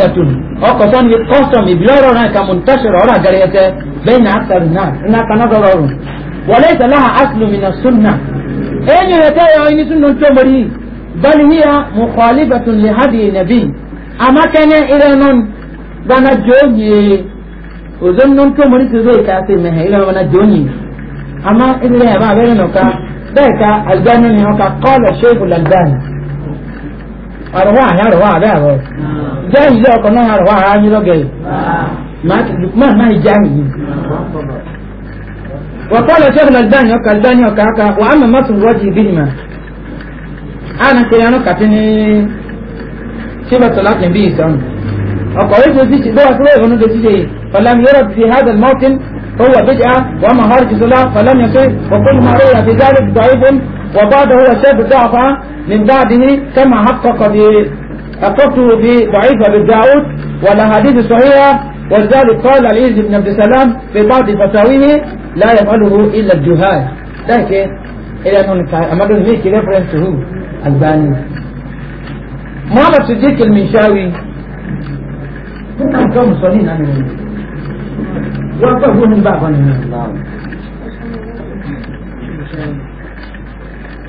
اقا عادة أقصان يتقسم بلورنا كمنتشر ورا قريته بين أكثر الناس إنها كنظر وليس لها أصل من السنة أين يتايا أين سنة تمري بل هي مخالفة لهدي النبي أما كان إلى نون بنا جوني وزن نون تمري تزوي كاتي مها إلى بنا جوني أما إلا ما بيننا كا ذلك الجنة هكا قال الشيخ الألباني arwa ni arwa bẹ́ẹ̀ bọ̀ وقال شيخ وكاكا وأما مصر وجه بهما أنا انا كاتني شبة صلاة النبي صلى الله عليه وسلم وقالت له دوا كلها فلم يرد في هذا الموطن هو بدعة وأما خارج صلاة فلم يصير وكل ما رأي في ذلك ضعيف وبعده أشد ضعفا من بعده كما حقق حققته بضعيفة أبي داود والأحاديث الصحيحة ولذلك قال العز بن عبد السلام في بعض فتاويه لا يفعله إلا الجهال لكن إلى أن أمر ميك ريفرنس هو الباني محمد صديق المنشاوي كنا كم صلين أمين وقفوا من بعض من الله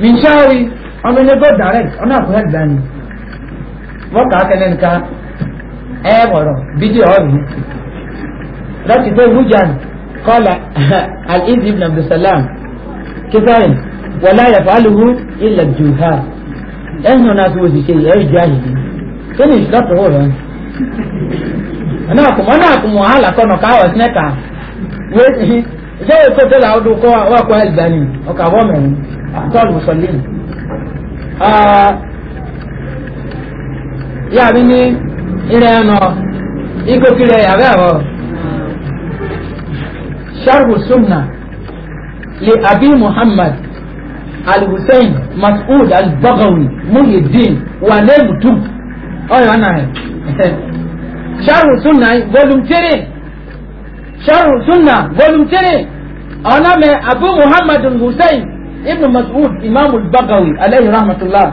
min shari ọmọ ẹni go direct ọ̀nà àkúrẹ́ ìdání wọ́n kà á kẹ́lẹ́ nìkan ẹ wọ̀rọ̀ bídíò ọ̀rọ̀ yìí láti tó hujjan kọ́lá al-izi ibn abdulsalam kíkọ́rin wọlá yàtọ̀ alùhù ilẹ̀ juha ẹ̀yìn náà tó wọ́n ti ṣe ẹ̀rí ju àyè yìí kí ni ìṣúná tó wọ̀ ọ̀nà àkùmọ̀ ọ̀nà àkùmọ̀ wàhálà kọ́nà káwọ̀ sinẹ́ta wẹ́ẹ́ ṣe é kó tó la ọdún kọ́ wà kó àlìdáni ọkà wọ́ mẹ́rin. أخطاء المصلين آه بني إلى أنا إيكو كده يا بابا شرح السنة لأبي محمد الحسين مسعود البغوي محي الدين ولم تب أي أنا شرح السنة فولوم 3 شرح السنة فولوم 3 أنا من أبو محمد الحسين ibnu mas'ud imam al-bagawi alayhi rahmatullah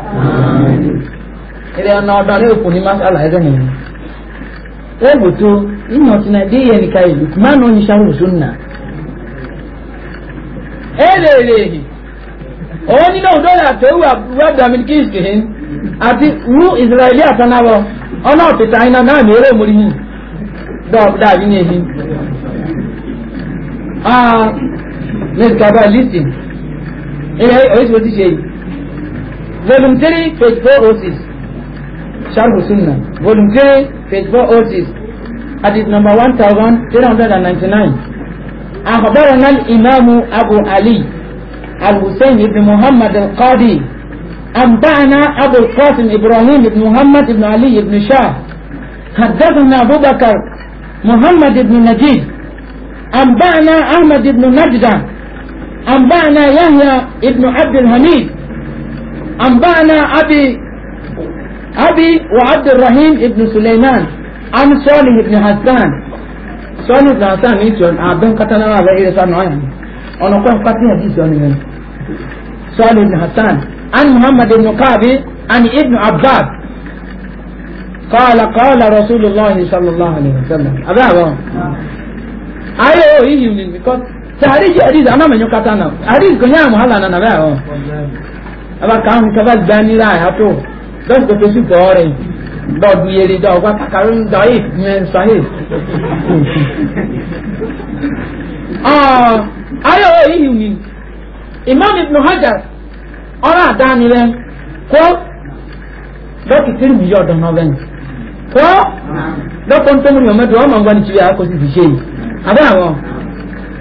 ile ana odare ko ni masala ezo ni e butu inyo tina diye ni kai lukman on sharu sunna ele ele o ni no do ya to wa wa da min kisti hin ati ru israeli atanawo ona pita ina na mere muri hin do da bi ni hin ah let's go listen إيه هي أويس ودي شيء فولوم 3 بيج 406 شرح السنة فولوم 3 بيج 406 حديث نمبر 1399 أخبرنا الإمام أبو علي الحسين بن محمد القاضي أنبأنا أبو القاسم إبراهيم بن محمد بن علي بن شاه حدثنا أبو بكر محمد بن نجيب أنبأنا أحمد بن نجدة أنبأنا يحيى ابن عبد الهميد أنبأنا أبي أبي وعبد الرحيم ابن سليمان عن صالح ابن حسان صالح ابن حسان نيتون أبن كتنا على إيه صالح عين أنا قوم كتني هذه صالح صالح ابن حسان عن محمد بن قابي عن ابن عباد قال قال رسول الله صلى الله عليه وسلم أبا أبا أيوه يجي من because taariki hadith ana manyo kata na hadith ko na na aba kan ka ba dani ra ha to dos ko tsi ko ore do du yeri do wa takarun do yi men sahi ah ayo yi ni imam ibn hajar ora dani le ko do ki tiri mi yo do no ben ko do kon to mu yo me do ma ya ko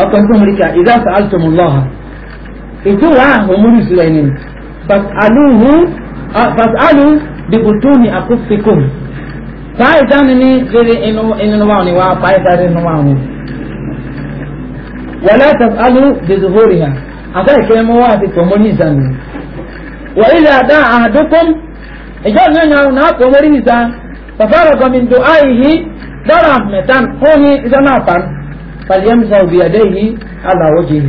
ọkọ̀ tó ń rí ká ìdá sọ àtọmọlọ́ha ètò wa àwọn ọmọ oríṣi rẹ̀ ni fasalu bibutuni akufikum báyìí dání ní rere inú inú wa ni wa báyìí dání inú wa ni wàlá tasalu bizuhori ha àtàwọn ìkẹyẹ mọ́ wa àti tòmọ́ ní ìsàmì wà ilẹ̀ àdá àdókòm ìjọ ìlú ẹ̀yàn àwọn فليمزه بيديه على وجهه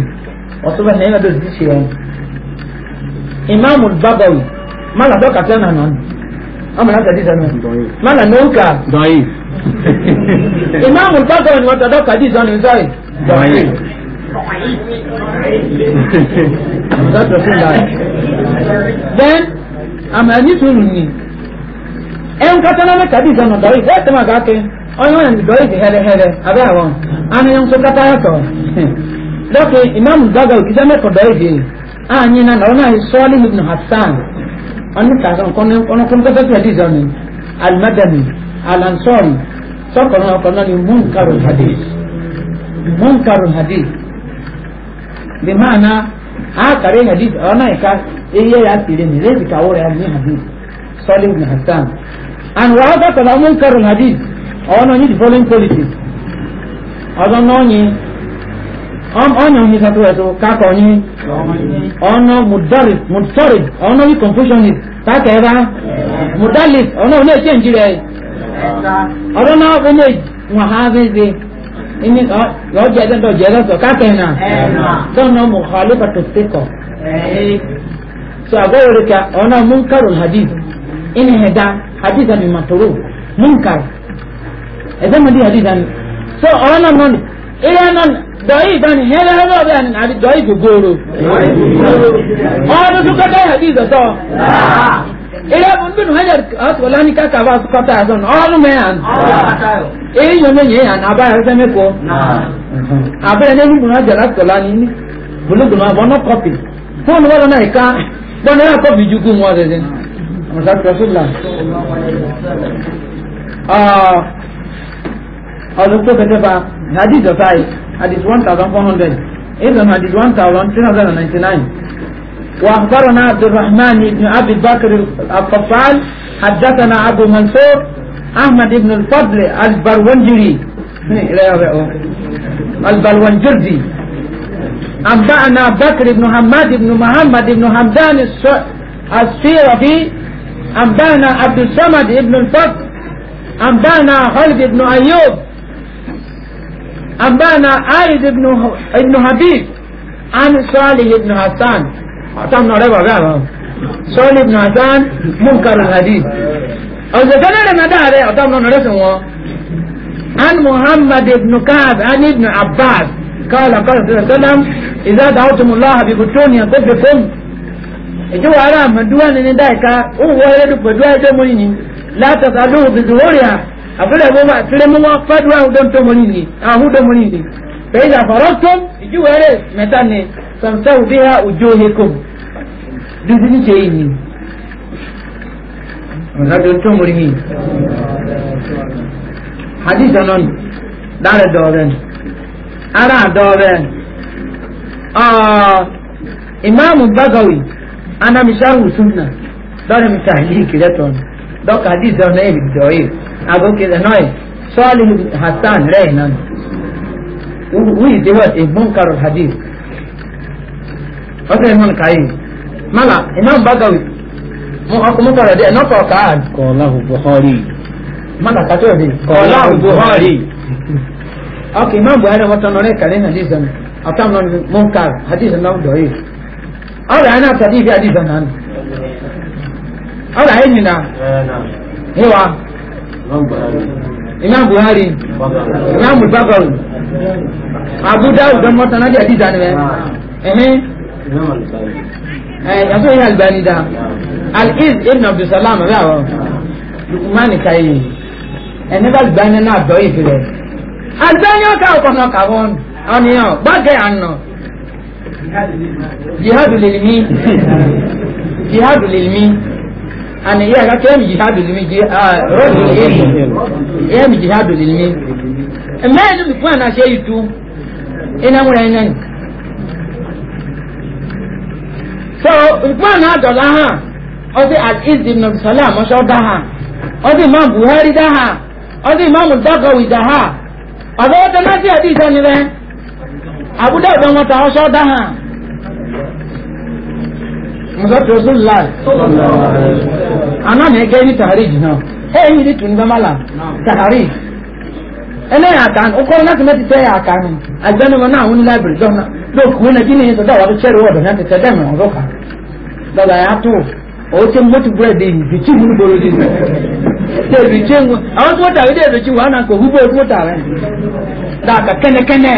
وطبعا هنا ده دي شيء إمام البغوي ما لا دوكا تنا نان أما هذا دي سنة ما لا نوكا ضعيف إمام البغوي ما تدوكا دي سنة ضعيف ضعيف then àmì àníṣòro ni ẹ̀ ń kátánná mẹ́ta bí ìsọ̀nà dọ̀rí bẹ́ẹ̀ tó máa gàákẹ́ ọ̀yọ́ ẹ̀ ń dọ̀rí ti hẹ́lẹ́hẹ́lẹ́ abẹ́ àwọn ana yang suka taya to doki imam gagal kijame ko daidi anyi ah, na naona salih ibn hassan anu ta kan kono kono kono ta ta hadithani al madani al ansari so kono kono ni munkarul hadis. munkarul hadith bi maana hadis, hadith ana ka iye ya sire ni lezi ka ore ni hadis. salih ibn hassan and wa hada kala hadis? hadith oh, ono ni the following qualities ọdún náà nyi ọnyà ònyi kakú ẹ̀sọ́ kakọ̀ nyi ọ̀nà mùdọ́rì mùdọ́rì ọ̀nà wí confucianist kakẹ́ bá mùdọ́rì ọ̀nà ònà èsì ẹ̀ǹjì rẹ̀ ọdún náà ònà wà ha bẹ́ẹ̀ ini lọ jẹ ẹdẹ dọjẹ ẹdẹ sọ kakẹ na dọnà mọ ọlẹ pàtó sẹkọ so agbẹwò rẹ ká ọ̀nà munkaro hadith ini hẹda hadith àmì màtòrò munkaro ẹdẹ mọ di hadith àmì so ọ̀rọ̀ náà nọ ni ìyá náà dọ̀yì ìbáni hẹ́lẹ́ hẹ́lẹ́ ọ̀bẹ àná àti dọ̀yì gbogbooro ọdún tó kọ́kọ́ yà bí ìzọ̀tọ̀ ìyá bùn bínú hẹ́lẹ́ ọ̀sùn ọ̀lá ní káka bá kọ́tà ẹ̀sọ́ ní ọ̀rọ̀ mẹ́hàn èyí yọ̀ mẹ́yìn yẹn àná abáyọ̀ ẹsẹ̀ mẹ́kọ́ abẹ́rẹ́ ní ẹnìbùn ọjà láti ọ̀lá ní bùnúbùn àbọ̀ náà kọ́pì fóònù wọn náà ìka bọ́ọ̀nù náà kọ́pì ju gún wọn ọdún tó kẹtẹ fa hadith of five hadith one thousand four hundred ibn hadith one thousand three hundred ninety-nine واخبرنا عبد الرحمن بن ابي بكر الطفال حدثنا ابو منصور احمد بن الفضل البرونجري البرونجردي انبانا بكر بن محمد بن محمد بن همدان السيرفي انبانا عبد الصمد بن الفضل انبانا خالد بن ايوب أنبانا عارض بن ابن حبيب عن صالح بن حسان أعطانا ربع قام صالح بن حسان منكر الحديث أو إذا زكنا لنا دار أعطانا نرسم عن محمد بن كعب عن ابن عباس قال قال صلى الله عليه وسلم إذا دعوتم الله ببطون ينقذكم إجوا على من دوان دايكا، هو ويردك ودوان جمعيني لا تسألوه بظهورها abúlé bóbá àtúlé mú wọn fádùá ọdún tó mọ́ni ni àwọn ọdún mọ́ni ni bẹ́ẹ̀ ni àfọ̀rọ̀ tó ìjúwèrè mẹ́ta ni sọ̀tẹ́wù bí ha òjò hekò dídí ní ṣe yìí. ọ̀sán tó mọ́ni ni hadith ọ̀nà dáre dọ̀ọ̀rẹ́ ara dọ̀ọ̀rẹ́ imaamu bagawi anamisharu sunna dọ́rẹ̀ mi tàhílì kìlẹ́tọ̀ọ̀nù dọ́kà hadith ọ̀nà èyí dọ̀ọ̀yẹ̀. ago ke da noy salih hasan rehnan we they what is e munkar al hadith okay e man kai mala imam e bagawi mo ako mo kara de no ko ka ko lahu bukhari mala ka to de ko lahu bukhari okay imam bukhari wa tanore kare hadith an atam non munkar hadith an do yi ala ana tadi fi hadith an ala ayni na ewa imam buhari imam bagawi abu dawud don mota na jadi dan ne eh eh yaso ya albani da al iz ibn abdus salam ba wa mani kai ene ba albani na do ifire albani ka ko no ka won oni o bage anno jihadul ilmi jihadul ilmi ana iya ga kemi jihadu zilmi je a rajul ilmi kemi jihadu zilmi amma yanzu mi kwana she yitu ina mura nan so na-adọla ha odi al-izz ibn salam masha da ha ma buhari da ha ma ha ọdọ ha mùsọ̀tò rasulillah anáà ẹgẹ́ ní taharij náà ẹ̀yìn ní tùnú bàmàlà taharij ẹnẹ́ àkàn ọkọ̀ náà na. mẹ́tẹ̀ẹ́ na àkàn àgbẹ̀numọ̀ náà àwọn onílábìrì dọ́nà lókùú náà kí ni yẹn sọ̀dọ̀ àwọn tó ṣẹ́rù ọ̀dọ̀ náà ti tẹ̀ dẹ́mẹ̀ ọ̀dọ́ kan lọ́la yà á tó o tẹ mọtò búrẹ́dì ìbìtì mú bolo di nù tẹ ìbìtì mú àwọn tó tàwé dé ìbìtì wà nàkó húbó tó tàwé dàkà kẹ́nẹ́kẹ́nẹ́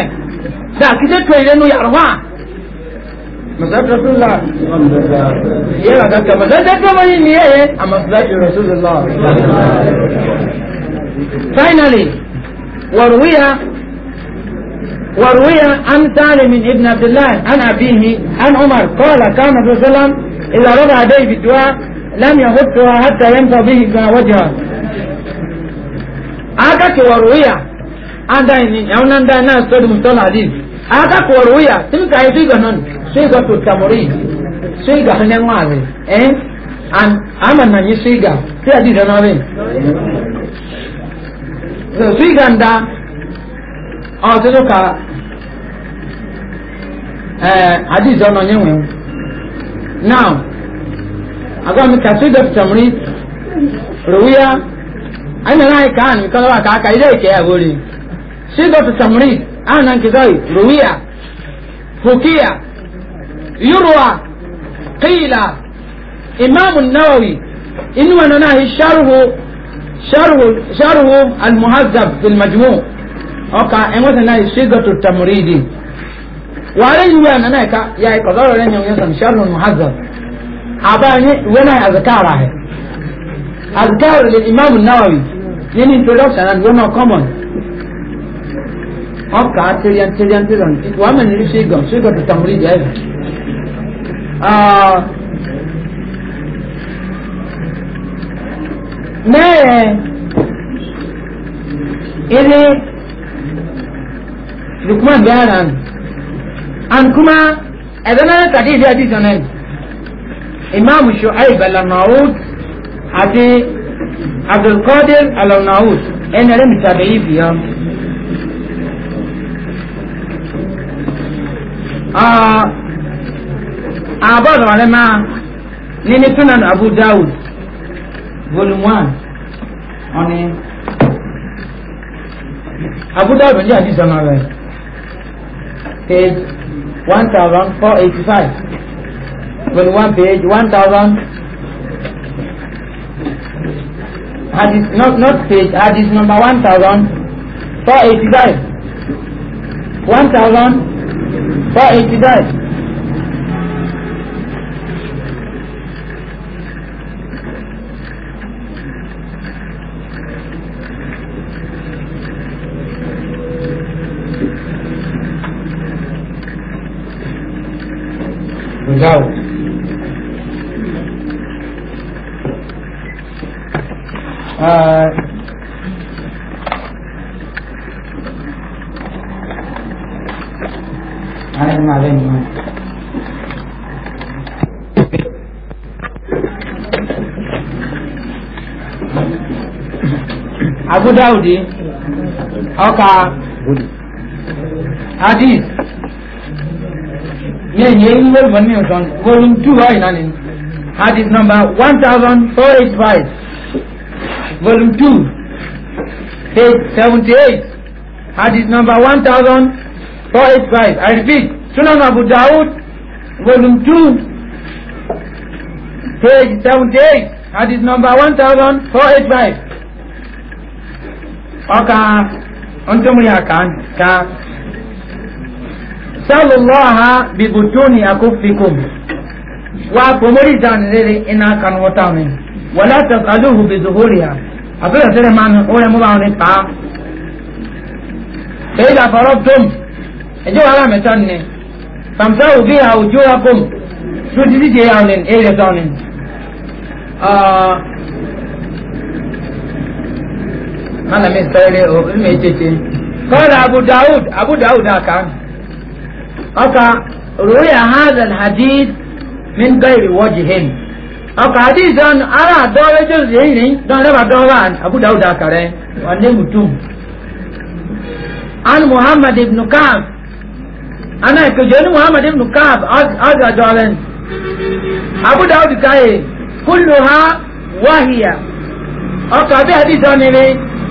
dàkìtẹ́ tó yẹ nù yàrá wa. masarautar rasulullah yana kanka masarautar kamari ne yaye a masarautar rasulullah finally warwiya warwiya an tare min ibn abdullah an abihi an umar qala kana rasulullah idza rada alayhi bidwa lam yahuttuha hatta yamsa bihi ma wajha aka ke warwiya an dai ni yawnan dai na sadu mutala hadis aka ko warwiya tin kai tu ganon siga to tamuri siga hanya ngave eh an ama na ni siga ti adi da nawe so siga nda o to so ka eh adi zo no nyewe now aga mi ka siga tu tamuri ruya ana na ka an ka ka ide ke ya gori siga tu tamuri ana nkizai ruya fukia يروى قيل إمام النووي إنه أنا شره شره شره المهذب في المجموع أوكا إنه أنا صيغة التمريد وعليه وين أنا كا يا إيه، كذا لين يوم يسمى شره المهذب أباني وين أذكاره أذكار للإمام النووي لين introduction and one of common أبقى تريان تريان تريان وعمل نفسي قام صيغة التمريد هذا آه ما إلي لكما بيانا أنكما أبنا تحديث إمام الشعيب الناوت حتي عبد القادر الناوت أنا لم آه àbọ̀dọ̀ rẹ̀ máa nínú sunan abu dawud volume one ọ̀ni abu dawud ní àdìsí ọ̀nà rẹ̀ page one thousand four eighty five volume one page one thousand hadith not not page hadith number one thousand four eighty five one thousand four eighty five. daudi ọka hadis yẹn yẹn ń wọ́n ní ọ̀sán volume two ọ̀yìn náà ni hadis number one thousand four eight five volume two page seventy eight hadis number one thousand four eight five i repeat sunan abu dawud volume two page seventy eight hadis number one thousand four eight five. ọka ntụmri aka ka sallallahu bi butuni wa pomori dan lele ina kan wata wala tasaluhu bi zuhuriha abira sere man ore mo ba ne pa e da farabtum e ubi ha ujuakum sudidi je ya mana mi sẹ́rẹ̀ o mi tètè kọ́ra abu dawud abu dawud aka ọka ruya hadan hadith min gairi wajihin ọka hadith on ara dọ́rẹ́ jọ́sì yìí ni don rẹ́bà dọ́rẹ́ abu dawud aka rẹ̀ wọ́n ní mutum an muhammad ibn kaab ana ìkejì oní muhammad ibn kaab ọjọ́ dọ́rẹ́ abu dawud káyè kúlù ha wáhìyà ọkọ̀ bí hadith on ni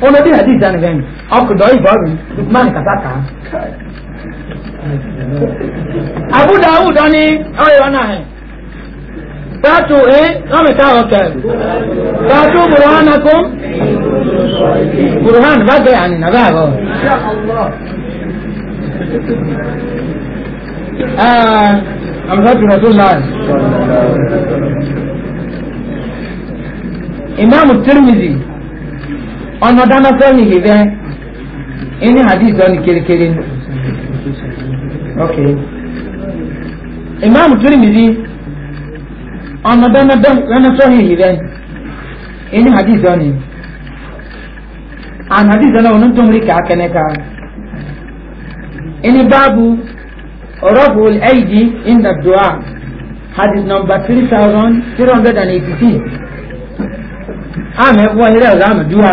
ono di hadith dan event ako doi bobi lukman kasaka abu daud oni oye ona he tatu e kame ta hotel tatu burhanakum burhan baga yani nabago آه أمثال رسول الله إمام الترمذي ọ̀nà dáná fẹ́mi lè bẹ́ ẹni hadith ọ̀nì kérékéré ni. ok imam tirimidi ọ̀nà dáná sọ́hìn lè bẹ́ ẹni hadith ọ̀nì an hadith ọ̀nà ọ̀nà tó ń rí kàákẹ́nẹ́ ká ẹni báàbù rọ́bù ẹ̀yìdì ìnà dùá hadith number three thousand three hundred and eighty-six àmì ẹ̀fọ́ ẹ̀rẹ́ ọ̀gá àmì dùá.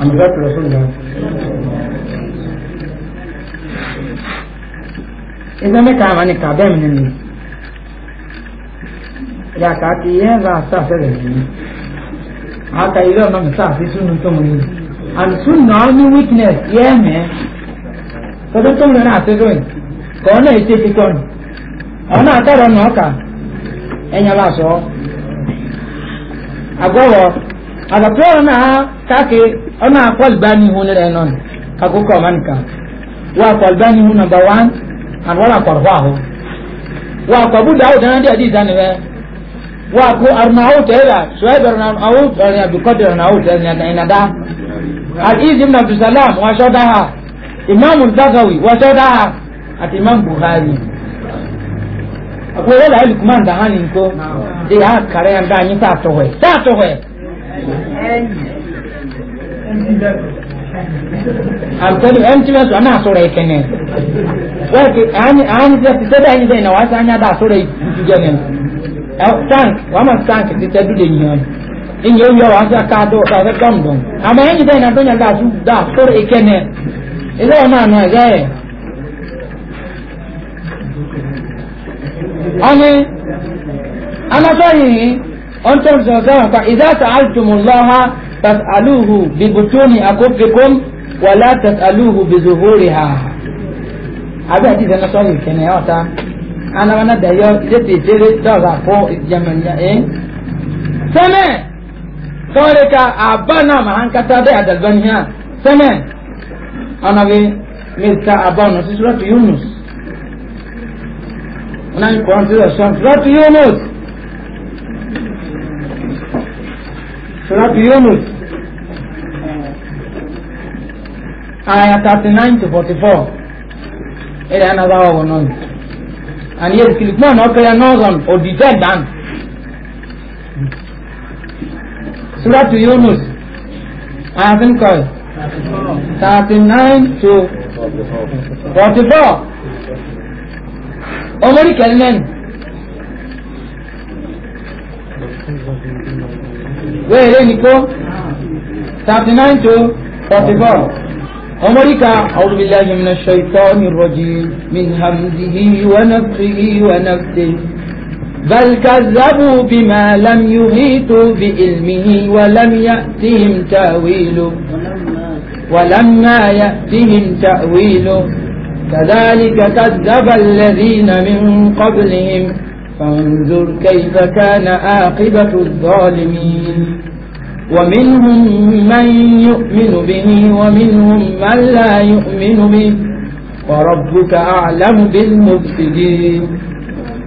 عن ذات رسول الله إذا ما كان عن التعبان من النيل يا كاتي هذا سافر haka ilé ọ̀nà mi sáà fi súnú tó mu yìí and súnú ọ ní weakness yẹ́ mẹ́ tọ́jú tó ń lọ náà ṣẹ́jọ́ yìí kọ́ ọ́ náà ètò ìtìtọ́ nù ọ́ náà tẹ̀rọ nù ọ́kà ẹ̀yàn bá sọ ọ́ àgọ́wọ̀ àgbàpẹ́ ọ̀nà àkọlùbáni hun rẹ̀ nọ kakókò ọ̀ma nìkan wọ́n àkọlùbáni hun nọmba wán and wọ́n àkọlùbá ahọ́ wọ́n àkọ̀bù dàwọ̀ dáná díẹ̀ díẹ̀ dání bẹ́ẹ̀ wọ́n àkó arúnáwó tẹ́lá na arúnáwó tẹ́lá bìkọ́dẹ̀ arúnáwó tẹ́lá ìnàdá àdìsí ibn abdulsalam wọ́n aṣọ́ dá ha imaamu zakawi wọ́n aṣọ́ dá ha àti imaamu buhari akwai wala ilu kuma da hannun ko da ya kare yan da anyi ta tohwe ta tohwe alkali anti wasu ana sura kene wake ani ani da ti sada ni na wasa anya da sura jenen e, tank wa tank ti tadu de ni on in yo yo wasa ka do ka da dom ama ni da na donya da su da sura kene ila na na ga e ani ana so yi on to zo ga ka idza ta'altumullah فاسألوه ببطون أكفكم ولا تسألوه بظهورها أبي حديث أنا صلي كنا يوتا أنا أنا دايو جتي جري دوغا فو جمعنا إيه سنة سوري كا أبانا مهان كتابي أدل بنيا سنة أنا بي ميزكا أبانا سورة يونس أنا بي قرآن سورة يونس Surah Yunus ayah 39 to 44 ele ana bawa wonon and yes kilikman okele northern or the dead dan Surah Yunus ayah think call 39 to 44 Omori kelmen wee re niko 39 to 44 عمرك أعوذ بالله من الشيطان الرجيم من همزه ونفخه ونفسه بل كذبوا بما لم يحيطوا بعلمه ولم يأتهم تأويله ولما يأتهم تأويله كذلك كذب الذين من قبلهم فانظر كيف كان عاقبة الظالمين ومنهم من يؤمن به ومنهم من لا يؤمن به وربك أعلم بالمفسدين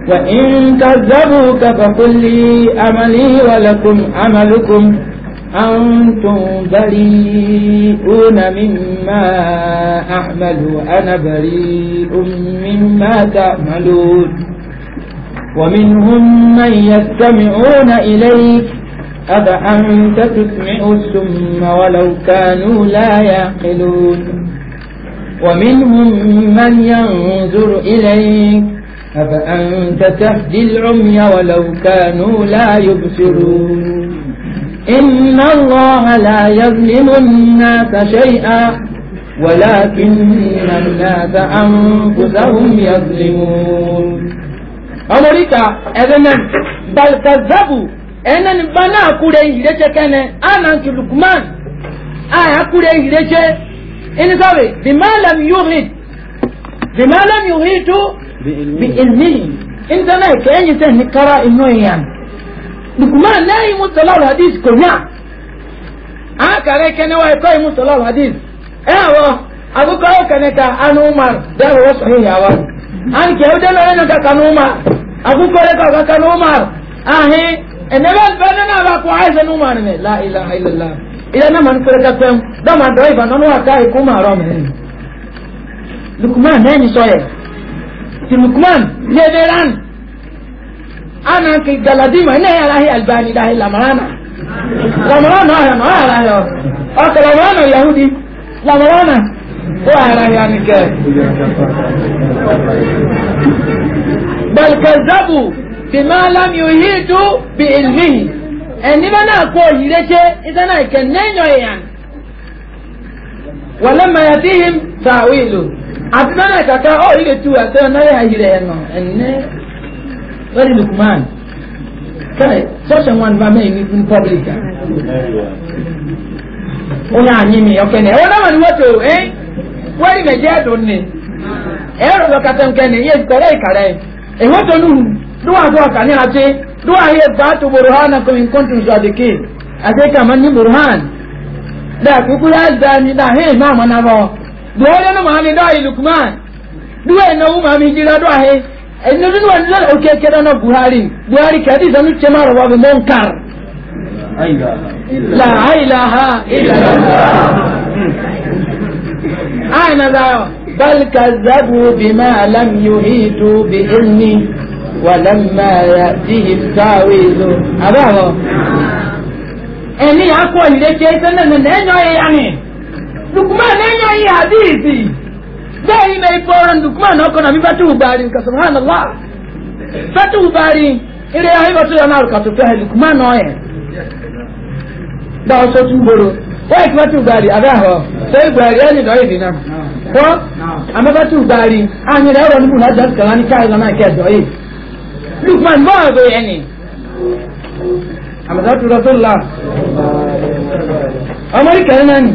وإن كذبوك فقل لي أملي ولكم أملكم أنتم بريئون مما أعمل وأنا بريء مما تعملون ومنهم من يستمعون إليك أفأنت تسمع السم ولو كانوا لا يعقلون ومنهم من ينظر إليك أفأنت تهدي العمي ولو كانوا لا يبصرون إن الله لا يظلم الناس شيئا ولكن الناس أنفسهم يظلمون amurika ezemen balkazabu enen bana akure ihirece kene anan ki lukman aya akure ihirece ini bimalam bima lam yuhid bima lam yuhidu bi ilmihi inta na ke kara inu yan lukman na yi musala hadith konya aka re kene wa ko yi musala hadith ewo abuko kene ka anu umar da wa sahiha wa an ke udelo eno ka kanu umar agu kore ka ka kan umar ahi enelal banana la ko aise umar ne la ilaha illallah ila na man kore ka kwem da man doi ba nono aka ku ma ro me lukman ne ni soye ti lukman ne deran ana ki galadima ne ya lahi albani lahi lamarana lamarana ya no ya lahi o ka lamarana yahudi lamarana ó ara ya ni kẹ. bẹ̀lkẹ̀zẹ́bù bìmọ́lámi òyìn tú bí ìlmí ẹni bá náà kó òyìnlẹ́ṣẹ́ iṣẹ́ náà kẹ nẹ́yìn ọ̀yàn wọlé mayatihim tàwílù àti nánà kàkà ó ilé tu àti ọ̀nàrẹ́ ayìrẹ̀ ẹ̀nà ẹ̀nẹ́ lórí lukman kẹ́lẹ̀ sọ́ọ̀sẹ̀ wọn bá mẹ́rin ní fún pọ́blíkà ó náà yín mi ọ̀kẹ́ ni ẹ̀wọ́n náà wọ́n ni wọ́n ẹ́ wẹ́rì nàìjíríà dùn ni ẹ̀rọ lọ kàtẹ́ǹkẹ́ ni iye ìtọ́rẹ́ ìkàrẹ́ èwo tó nù dúwà tó ọ̀kà ní àti dúwà yẹ bá tó burúhán kò ní kóńtù sọ̀dìkì àti kàmá ní burúhán dà kúkú yá dà ní dà hẹ́ ìmá àmọ́ náà bọ̀ dùwà yẹn mọ̀ àmì dọ́ ìlùkùmán dúwà yẹn náà wù màmí jìnnà dọ́ àhẹ́ ẹni nínú ẹni lọ́la òkè kẹ́dá náà buhari buhari kẹ́dí ìsanu tiẹ̀ máa rọ̀ wá bí mọ́nkàr. láàyè láha ìlànà. أين ذا بل كذبوا بما لم يهيتوا بعلمي ولما يأتيهم تاويل أباه أني أقول لك أنا نحن يعني لقمان نحن حديثي zai mai foran dukman na kona mi fatu bari ka subhanallah fatu bari ire ya ya na ka dukman no ye da so tu wọ́n ti tú bari abẹ́ àwọ̀ ṣé bari ẹni dọ̀ yìí nà kọ́ àmọ́fẹ́ tú bari àmì rẹ̀ ọ̀rọ̀ nígbà náà jọ́sí kàlá ní káyọ̀ lọ́nà ìkẹ́ dọ̀ yìí lukman bọ́ọ̀ bẹ yẹn ni àmọ́fẹ́ tú rọ́tò la ọmọ yìí kẹrin náà ni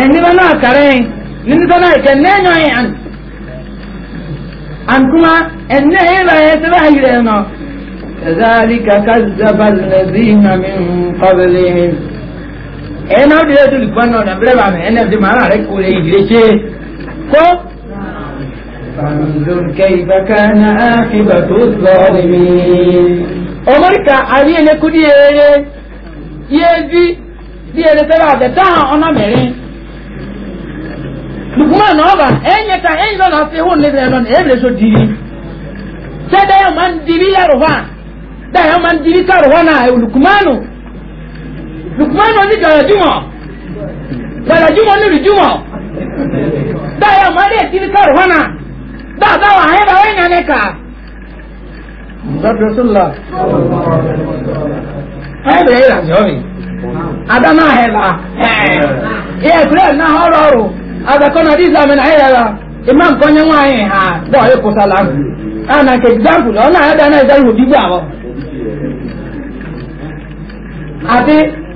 ẹni bá náà kàrẹ́ yìí nínú sọ́nà ìkẹ́ nẹ́ẹ̀nà yìí àn àǹkúmá ẹ̀ní ẹ̀yìn bá yẹn sẹ́wọ́ ayé rẹ̀ nà ذلك كذب الذين من قبلهم ẹ̀yẹn náà dìde tó lùkọ́ náà ọ̀nà bẹ́rẹ̀ bàmí ẹ̀nà ti màá rẹ̀ kó lè ìdílé ṣe kó. fanzur kẹfà kánà àkìbà tó sọ̀rọ̀ mi. ọmọdéka àrí ẹni kú ní eré yé bí bí ẹni tẹ́lẹ̀ àbẹ̀ dáhùn ọ̀nà mẹ́rin. lùkùmọ̀ náà bà ẹ̀yẹ ta ẹ̀yìn lọ́nà àti ìhùn nílẹ̀ lọ́nà ẹ̀yẹ so dìrì. sẹ́dẹ̀ẹ́ máa ń dìrì yàrá wa dáhùn máa ń dìrì lukman oni dara juma dara juma ni rijuma da ya mare tini kar wana da wa he da wai ne ka sabbi rasulullah ai da ira jami adana na hororo ada kono a na nke example ọ na-ada na-eza ihu dibia ọ adị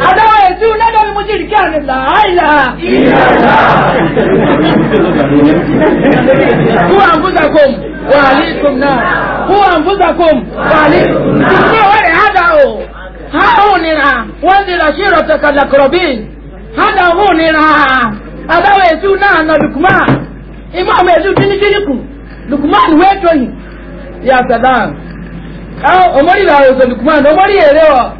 Adawa ya tu na da mu jiri kan la ila. Ku anfusakum wa alaikum na. Ku anfusakum wa alaikum na. Ku wale hada o. Ha huni na. Wani la shirata kalakrobin. Hada huni na. Adawa ya na na lukuma. Imam ya tu tini tini ku. Lukman wetu hii. Ya salam. Au omori la yo lukman omori elewa.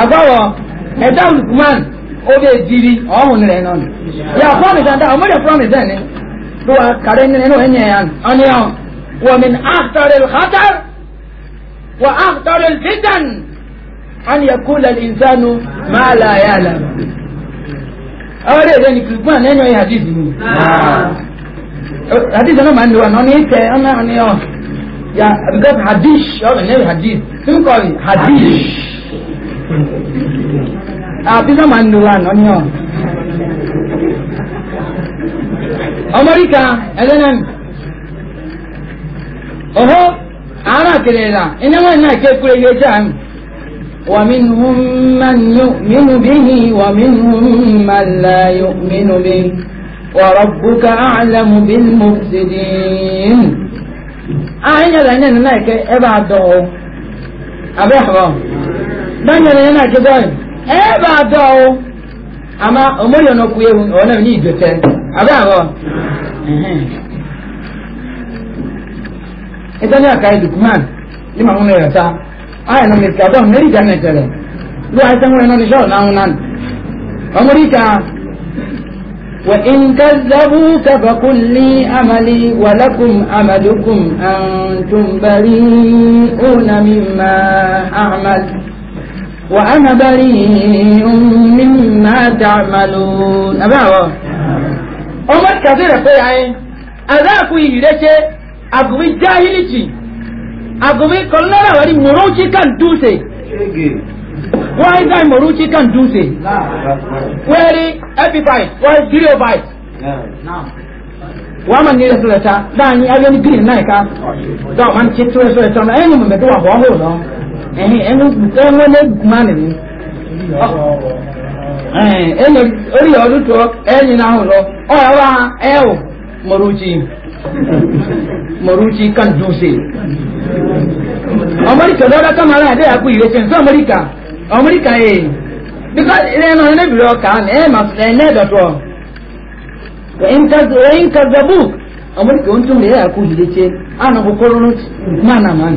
agbawo ẹ̀dá lukman ó bẹ diri ọ̀hún rẹ̀ nọ ni yà promise and ọmọ rẹ̀ promise ẹ̀ ni ló wà kàrẹ́ nínú ẹ̀nú ẹ̀yẹ yàn ọ̀ni ọ̀ wọ́n mi àtàrẹ̀ lọ́tàr wọ́n àtàrẹ̀ fitan àni ẹ̀kú lẹ́lẹ̀ ìsánu máa là yà là. ọ̀rẹ́ rẹ̀ ni lukman ẹ̀yọ yà dìbò mi hadith náà máa ń lo àná ní ìtẹ̀ ọ̀nà ọ̀ni ọ̀ yà because hadith ọ̀rẹ́ ní hadith tí n kọ́ hadith. àbílẹ̀ máa ń lo àná ní ọ̀. ọmọríkà ẹlẹ́nẹ́m ọ̀hó àárà kẹlẹ́lá iná wọn náà ké kúrẹ́ yóò jẹ́ àmì ومنهم من يؤمن به ومنهم من لا يؤمن به وربك أعلم بالمفسدين أين لأننا نايك إبعاد دعو أبي حرام na yana kiboyin ebe ato ama omoyo no kuye hu ona ni idete abụọ abụọ. etani akai dukman lima unu yata aya no miska don meri jane tele na unan omurika وإن كذبوك فقل لي أملي ولكم أملكم أنتم بريئون مما وأنا بريء مما تعملون أبعوا ọmọ kàdúrà pé ayé adáàkú ìrẹ́ṣẹ́ àgùnmí jáhìlìtì àgùnmí kọlọ́rà wà ní mọ̀rúnchí kan dúse wọ́n ń dáì mọ̀rúnchí kan dúse wọ́n rí epipite wọ́n rí geobite wọ́n mọ̀ ní ìrẹsìlẹ̀ta dáa ní ẹgbẹ́ ní green náà ká dọ́ọ̀ máa ń ṣe tó ẹ̀ṣọ́ ẹ̀ṣọ́ náà ẹ̀yìn mọ̀mẹ́tò wà bọ́ ọ́hún náà. ẹ̀hìn ẹnu ẹnu lé mánì mi ẹnu orí ọdún tó ẹ̀yìn náà lọ ọ̀rọ̀ wa ẹ̀wò mọ̀rọ̀jì mọ̀rọ̀jì kan dùnsè ọmọdéka lọ́dọ̀ kọ́mọ́rọ́ àdé àkú ìrẹsẹ̀ nsọ́ ọmọdéka ọmọdéka yẹ bíkọ́ ẹnu ẹnu bìrẹ̀ ọkà ẹ̀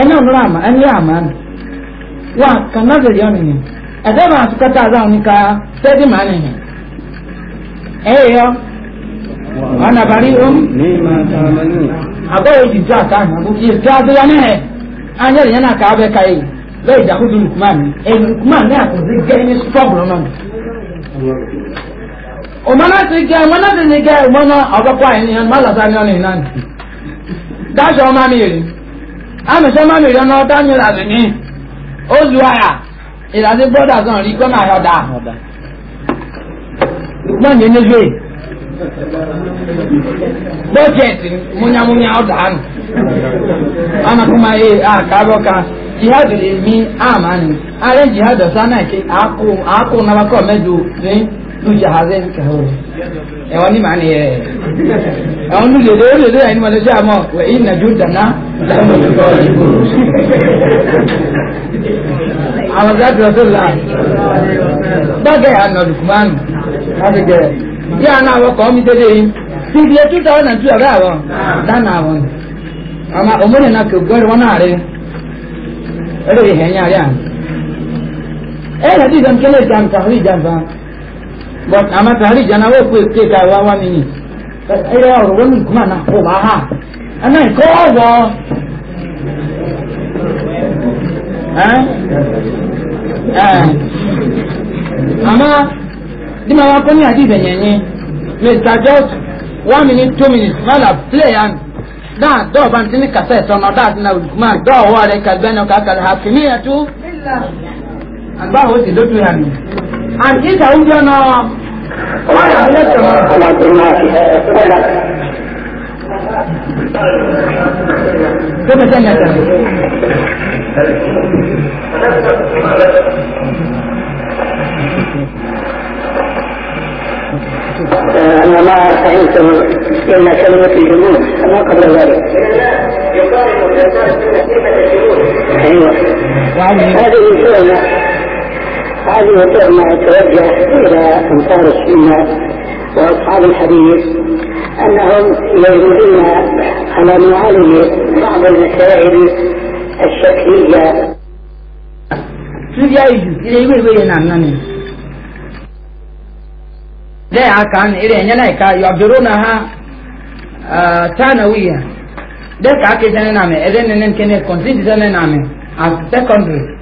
ẹnẹ ọ̀nà àmà ẹni àmà nù wà kàná ṣe yọ nìyẹn ẹ̀dẹ́ máa fi kọ́tà àzáwọn ní ká ṣẹ́ẹ́dì máa nìyẹn ẹ̀ yẹ yọ ya àbárí omi àbọ̀ èjì jọ àtàwọn àbọ̀ yìí tó adúlá ní ẹ̀ ányẹ́ ìyẹn náà ká abẹ́ káyé bẹ́ẹ̀ ìjàkútu ti amịsị mmanụ ịrịọ n'ọta anyị ri na-ahịa ọda lukman nye n'efe bọjetị mụnyamụnya ọda anụ anakụma ee a karịọ ka jihad emi jihad na-eke jahazen kaho ẹwọn ni màá ni yẹ ẹwọn nu lele o lele ẹni mọlẹsẹ àmọ wẹ yìí nàjú dana dàmú lọrí àwọn gàdú ọdún la dọgẹ ànọdù kumanu láti gẹ yí àná àwọn kọ́ mi dédé yìí síbi two thousand and two ọ̀rẹ́ àwọn dáná àwọn àmà òmùnì náà kò gbọ́dọ̀ wọn náà rí ẹ̀rẹ́ ìhẹ̀yìn àrí àná ẹ̀rẹ́ ìdíjọ́ nkẹ́lẹ́ ìjà nǹkan orí ìjà nǹkan but àmà tàrí ìjànà wọ́n pè pé ká wá wá mi yìí ẹ̀rẹ́ ọ̀rọ̀ wọn ní ìgbìmọ̀ náà kò wá hà ẹ̀nà ìkọ́ ọ̀wọ́ àmà dìmọ̀ wa kọ́ ní àdìbẹ̀ yẹn yẹn mr just one minute two minutes mala play and dáa dọ́ọ̀ bá ń tí ní kàfẹ́ sọ̀nà dáa ti na ìgbìmọ̀ dọ́ọ̀ wọ́ rẹ̀ kàgbẹ́ni ọ̀kà kàlẹ́ hàkìmíyàtú àgbáwo sì lójú yà mí. عن ايه تعود يا أنا ما فهمت إلا كلمة الجنود انا قبل ذلك أيوة هذه الكلمة هذه الكلمة توجه إلى أنصار السنة وأصحاب الحديث أنهم يريدون على معالجة بعض المسائل الشكلية لا كان إلى ينايكا يعبرونها ثانوية نعمل نعمل secondary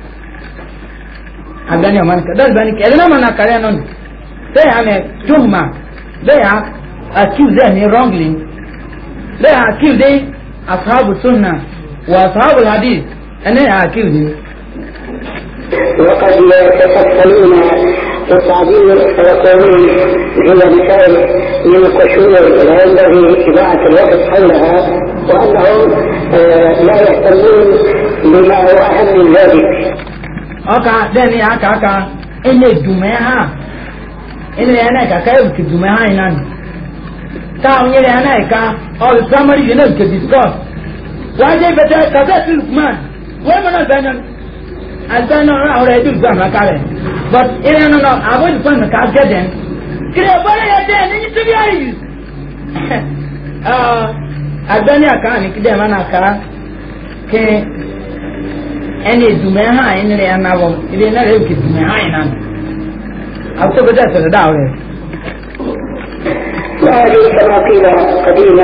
أبداني ومانا كدال بانك إلنا مانا كرينون سي عمي تهمة دي ها أكيو زي هني رونجلين دي ها أنا وقد يتفصلون التعبير ويقولون جل بشأن من القشور وعنده إباعة الوقت حولها وأنهم آه، لا يهتمون بما هو أهم من ذلك ọka den aka aka ene dume ha ya na ka ka ebuke ha ina ni ta onye ya na ka ọ primary you know to discuss why they better ka that is man why man not done ọrụ ahụ rẹ dùn rẹ but ere nọ nọ abụ ìdìbò nọ gẹ den kiri ebọrọ ya den ẹni tó bí ayé azan ya ka ni kí na kí. أنا الدماء إنني أنا وم إذا أنا أنا الدماء إن أنا أبتو أنا الدعوة وهذه كما قيل قديما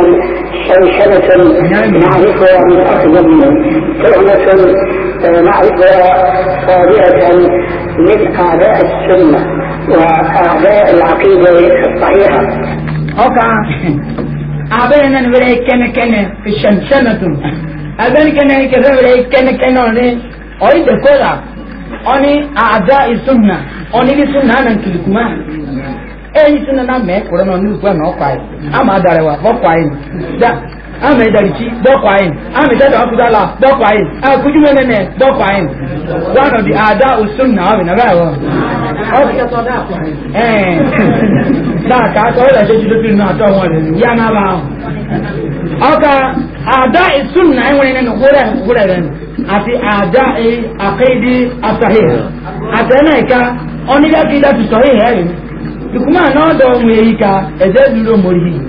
أنا نعرفها آه، من أنا تهمة نعرفها صادرة من أعداء السنة وأعداء العقيدة الصحيحة. أوكا أعداء أنا كان كان في الشمسنة أبن كان هيك كان كان oyi da kola oni aada isunna oni ni sunna nan kilikuma eyi sunna na me kura na nu kwa na okwai ama darewa bokwai da ama idarichi bokwai ama dada akudala bokwai akuju mene ne bokwai one of the aada isunna abi na rawo eh da ka ko da je jidu na to won ya na ba oka aada isunna ai wani ne no hore hore àti àdáì àkéèdè àtàhì àtẹ̀nà ìka onígbàkí láti sọ yìí hẹ́rìn ìkùmá náà dọ̀ ọmọ èyí ka ẹ̀jẹ̀ dúró mórí yìí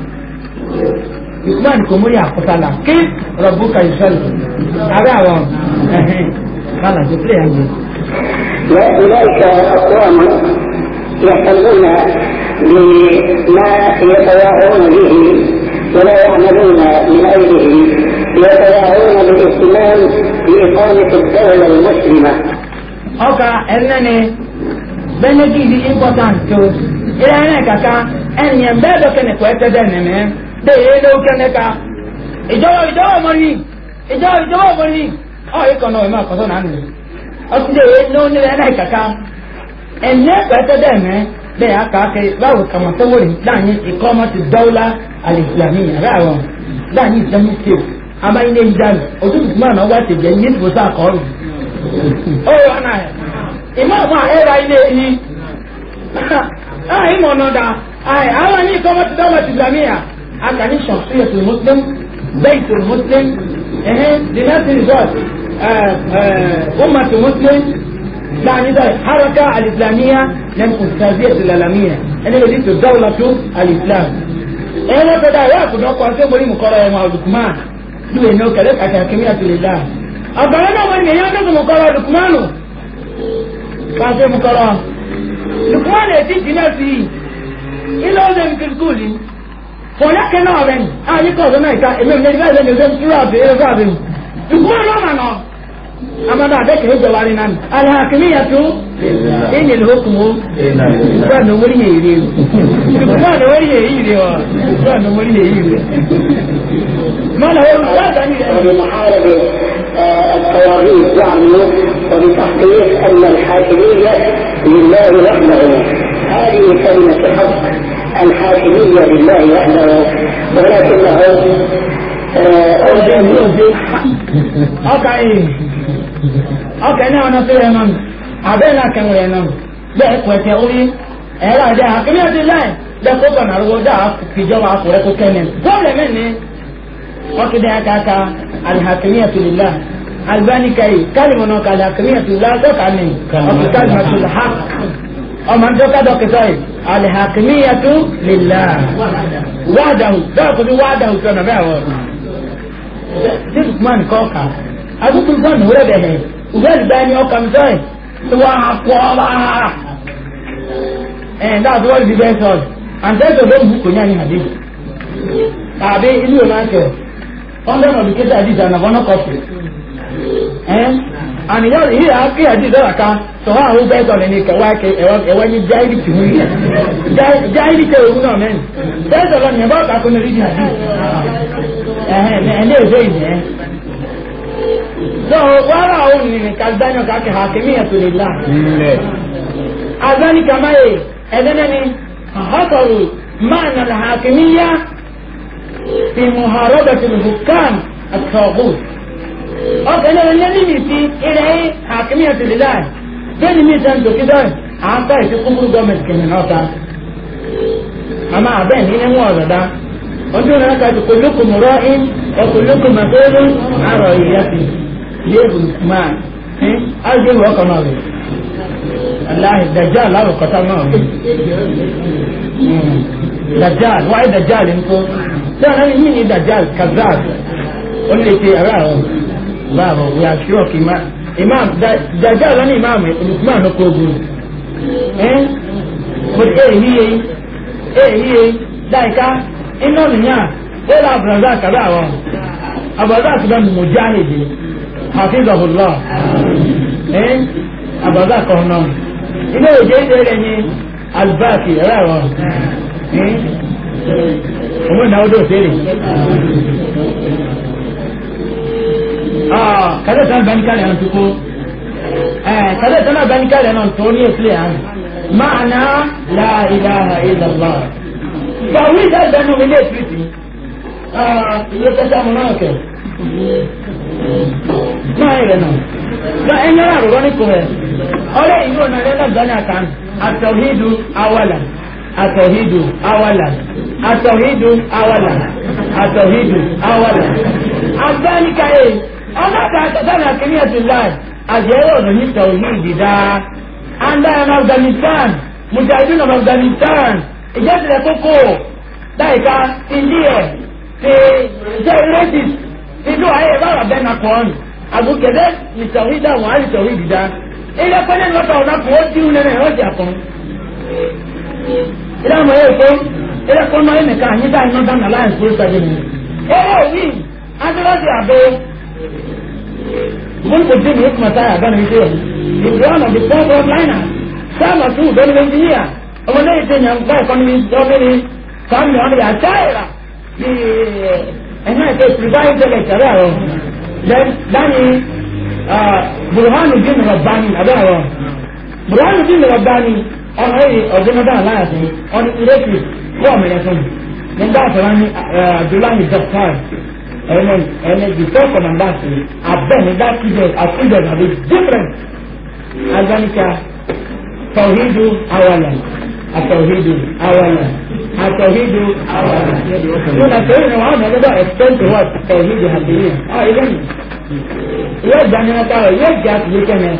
ìkùmá nìkan mórí àkọsálà kí rọ̀bù ka ìṣẹ̀lẹ̀ abẹ́ àwọn ẹ̀hìn kálá tó pèlè ẹ̀yẹ. وأولئك أقوام يحلون بما يتواعون به ولا يعملون من أجله يتداعون بالاسلام لاقامه الدوله المسلمه. ọkà ẹnẹni bẹnẹgì di important tó ilé ẹnẹ kàkà ẹnìyẹn bẹẹ dọkẹnẹ kọ ẹtẹ dẹ nẹmẹ dẹ yẹ lé okẹnẹ ká ìjọba ìjọba ọmọdé ìjọba ìjọba ọmọdé ọ ikọ̀ náà ìmọ̀ àkọ́tọ̀ náà nìyí ọtún dẹ yẹ lé onílé ẹnẹ kàkà ẹnìyẹn kọ ẹtẹ dẹ mẹ dẹ yà kà kẹ báwo kàmọ sẹwọlì láàyè ìkọ́mọ́tì dọ́wọ́lá àlè ìsìlámì yàrá àwọn láàyè ìsìlámì sèw ama ina idanu otu musulman na ọgba ti jẹ nye tupu sa akọrọ ọyọ ana ya imam a ẹra ina eyi ah ima ọ̀nà da ayi awa ni kọmọtì dọwọtì islamiyya aka ni sọsiyẹ tu muslim bẹyì tu muslim ẹhẹn the next result eh, eh, ummatu muslim يعني ده حركة الإسلامية لم أستاذية الإعلامية أنا بديت الدولة الإسلام أنا بدأ يأخذ أقوى سيبولي مقارنة مع الدكمان duk ya nauka da kaka kami a tulila a bara na wani mai yana da mukara lukmanu ka sai mukara lukmanu ya ci jina su yi ilo da mutu skuli fọlá kẹ náà rẹ ni a yí kọ ọdún náà ìka èmi ò ní ẹgbẹ́ ìlẹ́nu ìgbẹ́ ìtura àbẹ̀ ẹ̀rọ àbẹ̀ lukmanu ọ̀nà náà. أما بعدك هجة وعلينا الحاكمية إن الحكم كان مريه يريد كان مريه يريد كان مريه يريد ما له بمحاربة الطواغيت يعني وبتحقيق أن الحاكمية لله وحده هذه كلمة حق الحاكمية لله وحده ولكنه ọjọ́ ní ojú ọkà yìí ọkà ní ọ̀nà tó yẹ nà mí abẹ́ẹ̀lá kẹwọ́n yẹ nà mí bẹ́ẹ̀ pẹ̀tẹ́ orí ẹ̀rọ àdé àkíní ọdún láì bẹ́ẹ̀ kó kọ̀ nàró dá ìjọba àkùrẹ́ kó kẹ́ni pọ́blẹ̀ mi ni ọtún dẹ́ akáka alihakimi ẹ̀tùlélá alibanika yìí kálíwọ̀n náà kàlí akíní ẹ̀tùlélá lọ́kà ni ọtún kálíwọ̀n ẹ̀tùlélá ọmọ dọ́kadọ́kítọ́ yìí alihakimi ẹ̀tùlélá wàdàhùn bẹ́ẹ̀ kò ní sọ̀nà bẹ́ẹ̀ wọ̀ ṣé lukman kọ́ ọ̀ka àdúgbò ìfọ̀nù wúrẹ́ bẹ̀ hẹ̀ ìfẹ́ ìdáni ọkà mi sọ́yìn ìwà àpọ̀ ọ̀la And that's what the best was and that's the way kò ní àní àdé tàbí ilé ìwé náà kẹ̀ ọ̀ndẹ̀n ọ̀dùkẹ́tà àdìsí ànàbọ̀nà kọ̀fì ẹ̀ and yọ yìí àkè àdìsí ọ̀làkà sọ̀rọ̀ àwọn best of ẹni kẹwàá kẹ ẹwà ní jáìrì tì wú yẹ jáìrì tẹ̀ ewu náà mẹ́rin best of ọ̀nà ìbá ọ̀kà kọ́ni rí ẹ̀ẹ́dẹ́ ìṣe ìṣe so wàhálà òun ni nìkan dányọ̀ káàkiri hakimi ẹ̀tọ́ lè la azani kamaye ẹ̀dẹ́nẹ́ni ahọ́tọ̀rù máa nà lè hakimi yá fi muharobe fi hukam àtọ̀hù ọkàn náà lé ní nìsí ilẹ̀ hakimi ẹ̀tọ́ lè la bẹ́ẹ̀ ni mi sàn dòkítọ́ àáfà ìṣekúmúrú gọ́ọ̀mẹ̀tì kìnnìkan ọ̀tá àmà àbẹ́ẹ̀ ní ẹ̀wọ̀n ọ̀dọ̀dá ọjọ́ náà ká ti kòlókò mọ̀rọ́ in ọkòlókò màtẹ́rù àrọ̀ ìyàtì yéèbù máa ní ájọ́ ìwọ ọkọ̀ náà rẹ̀ aláhi dàjà láwọn kọta náà dàjà wáyé dàjà lè ń kó dáadáa ní mímí dàjà kazak ó lè ṣe ara rẹ̀ báwo we are sure kì í má imam dàjà lọ́nà imam olùkúmọ̀ ló kó ogun ẹ́ mo ṣe èyí yé èyí dáìka iná nìyà ó la brazil kàdé àwọn abrazil ti bẹ mujahidi hafizahullah ẹ abrazil kan náà iná òjò ìdè rẹ ní alibaki ẹ rẹ wọn òun náà ó dò sẹ́yìn ah, kàdé sàn bẹ́ẹ̀ ní kálí àwọn tó kó kàdé sàn bẹ́ẹ̀ ní kálí àwọn tó ní ìfúlẹ̀ àwọn. معنى لا إله إلا الله Bàbá ìjà ìdáná mi lé ìfìsì. Ìyé kẹta mo náà kẹ̀. Máa yẹrẹ nà. Gba ẹnyẹ́ rà rọ̀ ní kòrẹ̀. Ọlẹ́ ìlú ọ̀nà rẹ̀ lọ́gbà ní àkàn. Àtọ̀hídù awàlà. Àtọ̀hídù awàlà. Àtọ̀hídù awàlà. Àtọ̀hídù awàlà. Àgbáníkà yìí, ọlọ́dà àtọ̀tàn àkíní ẹ̀sìn láì. Àjẹ́rò ọ̀nà ní tọ̀hídì dáa. Andá ẹ̀rọ Afghanistan, Mujahideen of Afghanistan, ìjọsìlẹ̀ tó kó o dáìka ìdí ẹ̀ ti ṣe rédíìs inú ayé bára bẹ́ẹ̀ na kọ́ ọ́nù àgùkẹ́dẹ́ nìtọ̀wí dá wọn á nìtọ̀wí dìda ilé pẹ́lẹ́ lọ́tọ̀ ọ̀nà kò ó dìrú nẹ́nẹ́ ọ̀jà kan. ilé ọmọ yóò tó ilé kọ́ náà ẹnìkan àyín dá iná dáná láyìn kúrò sẹ́yìn mi. owó òwì adúlọ́sì àbẹ múlùkù dín ní ìkùmọ̀tà àgbà nìyí ọmọ náà ṣe yàn gbọ́ ọ̀kan níbi lọ́bẹ̀rẹ̀ sáàmì ọ̀nà àtàyèrà bí ẹ̀nà ẹ̀fẹ́ pírífáì tẹ̀lẹ̀ tẹ̀lẹ̀ àrọ̀ dání burhanu dín rọ̀bani abẹ́ àrọ̀ burhanu dín rọ̀bani ọ̀nà ẹ̀yẹ ọ̀dẹ́mọdá aláàbí ọ̀nà ìrẹ́pì wọ́n mẹ́rẹ̀ fún mi nígbà tó wá ní abdullahi dọ́kítàr ẹ̀nà ẹ̀nà before commandant abẹ́ni that student as student are different azanika tawhidu awalan التوحيد اولا التوحيد اولا هنا كلمه معانا ده الثالث هو التوحيد هالدين اه اذا يرجع من التوحيد يرجع لكنا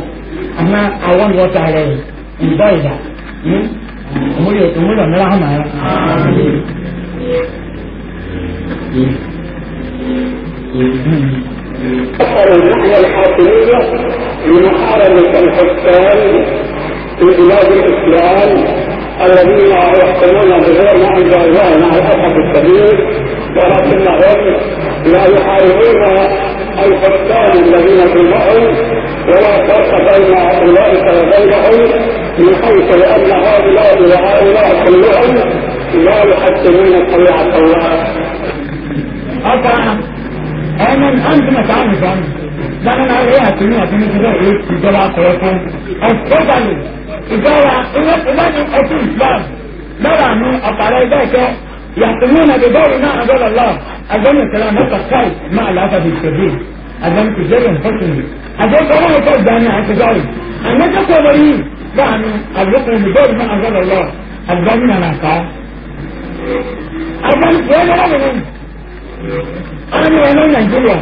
اما اوان وقت عليه البيضة امولي امولي امولي رحمة الناحية الحاكمية من أعلى الحكام في بلاد الإسلام الذين يحكمون بغير ما انزل الله مع الاسف الكبير ولكنهم لا يحاربون الحكام الذين دونهم ولا فرق بين اولئك وبينهم من حيث لان هؤلاء وهؤلاء كلهم لا يحكمون طبيعه الله. أفهم أنا تعرف أنت؟ gbàgbọ́n ayé àti ní àti ní ti náà yóò ti jọba kọ̀ọ̀ fún ọ̀pọ̀bàlù ìjọba ìwádìí ẹtí islam lọ́wọ́ àmú ọ̀pàlẹ́ ẹgbẹ́ ìkẹ́ yàtúmọ̀ náà bẹ̀rẹ̀ náà àgọ́lọ̀ lọ àgbọ̀nù ìkẹlẹ̀ àmọ́tà káì máa láàbà bí ìṣèlú àgbọ̀nù ti very unfortunate àgbẹ̀kọ̀ wọn kọ̀ gbani àti bọ́ọ̀lù àmọ́tẹ́kọ̀ lórí báàmú àgbẹ̀kọ̀ ìbẹ̀rẹ̀ náà àgọ́lọ̀ lọ àgbọ̀nù náà nàkà àgbọ̀nù tó yẹ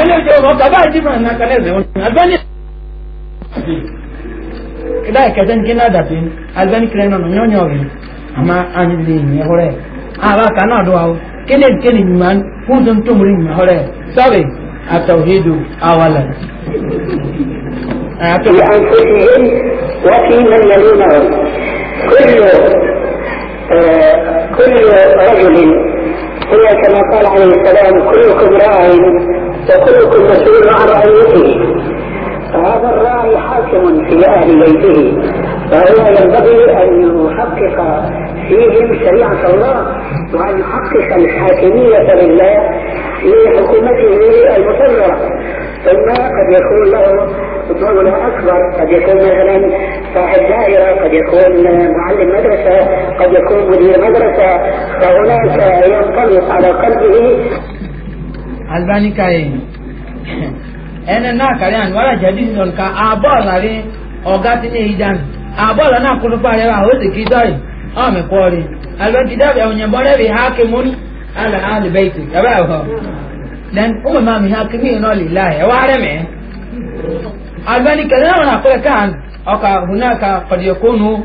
ẹni ojú ọmọ bàbá àjìmọ̀ náà kan ẹ̀sìn wọn. albani kìlá ìkẹsẹ̀ ní kí náà dàbí albani kìlẹ̀ náà nyọ́ nyọ́ rẹ̀ àmà àyìn lè yìn ẹ̀họ́rẹ́ àbá kan náà dọ̀wọ́ kéde kéde nyìmá fún tó ń tó múrí nyìmá ẹ̀họ́rẹ́ sọ́ọ̀bì àtọ̀hídù àwàlẹ̀. لأنفسهم وفي من يلونهم كل كل رجل هي كما قال عليه السلام كلكم راع فكلكم مسؤول عن رعيته فهذا الراعي حاكم في أهل بيته فهو ينبغي أن يحقق فيهم شريعة الله وأن يحقق الحاكمية لله في حكومته ثم قد يكون له دولة أكبر قد يكون مثلا صاحب دائرة قد يكون معلم مدرسة قد يكون مدير مدرسة فهناك ينطلق على قلبه albani ka ye ɛnɛ n'a kari ani wala jadi ni dɔn ka a bɔl lari ɔga ti ne yi dan a bɔl n'a kolo pa yɛrɛ a o de k'i dɔ ye ɔn mɛ kɔɔri albani ti dabi awon ɲɛbɔrɛ bi hake mun ala ali bɛyi ti a bɛ awɔ then o ma mi hake mi nɔ lila yɛ wa yɛrɛ mɛ albani kɛlɛ n'a mana kɔlɛ kan ɔka huna ka kɔdiyɛ konu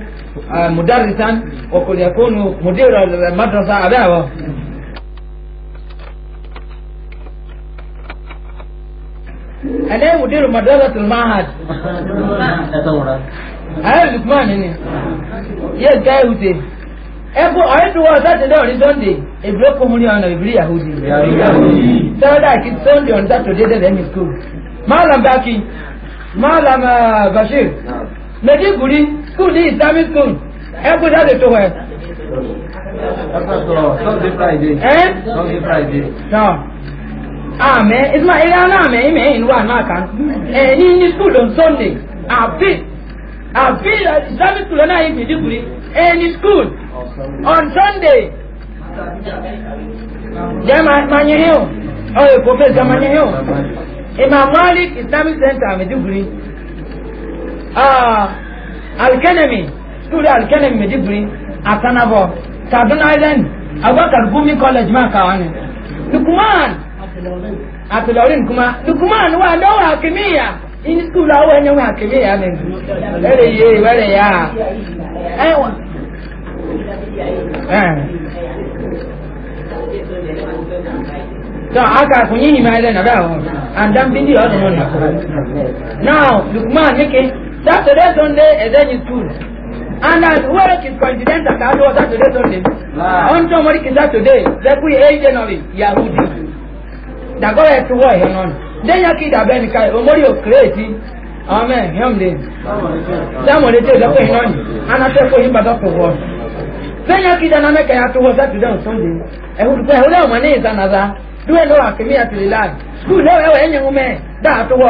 mudarisan wa kɔdiyɛ konu mudiru madrasa a bɛ awɔ. anaye mudiru madrasatul mahad ayé lukman ni yẹ ká ehute ẹkú ọ̀rẹ́ tó wọ sátidé ọ̀rí sunday èbúrò kò múlí ọ̀nà ìbírí yahudi sọ́dọ̀ àti sunday on saturday dẹ̀ lẹ́yìn school malam baki malam uh, bashir méjì gùrí eh? school ní islamic school ẹkú jáde tó wẹ̀. Sunday Friday. Eh? Sunday Friday. Amen. It's my area, man. Amen. Eh, in one, I can. And in school on Sunday, I feel, I feel Islamic school and I eh, in degree. And in school on Sunday. Yeah, my oh, oh, my new. Oh, professor, my new. Imam Malik Islamic Center, I'm a degree. Ah, Al Kenemi school Al Kenemi, my degree. Atanabo, Kaduna Island, at Gumi College, Man, eh. Look man. a Pilorin kuma Lukman wa don hakimiyya in school awo enyo hakimiyya ne ere ye were ya aiwa eh, eh. so aka kunyinyi ma ile na dawo and dan bindi o no na now Lukman yake Saturday Sunday any school and as work is coincidental ka do Saturday Sunday on tomorrow is Saturday that we age ah. January Yahudi dagora ya tuwa ihe nọ ndị ya ka omori amen yomde samole te dọkọ ihe nọnyi anata ko yin badọ tuwọ senya ki dana meka ya tuwọ saturday on sunday ehuru pe ehuru ọmọ ní ìsanaza duwe lọ akemi atiri lai skul lẹwọ ẹwọ ẹnyẹ nwome da atuwọ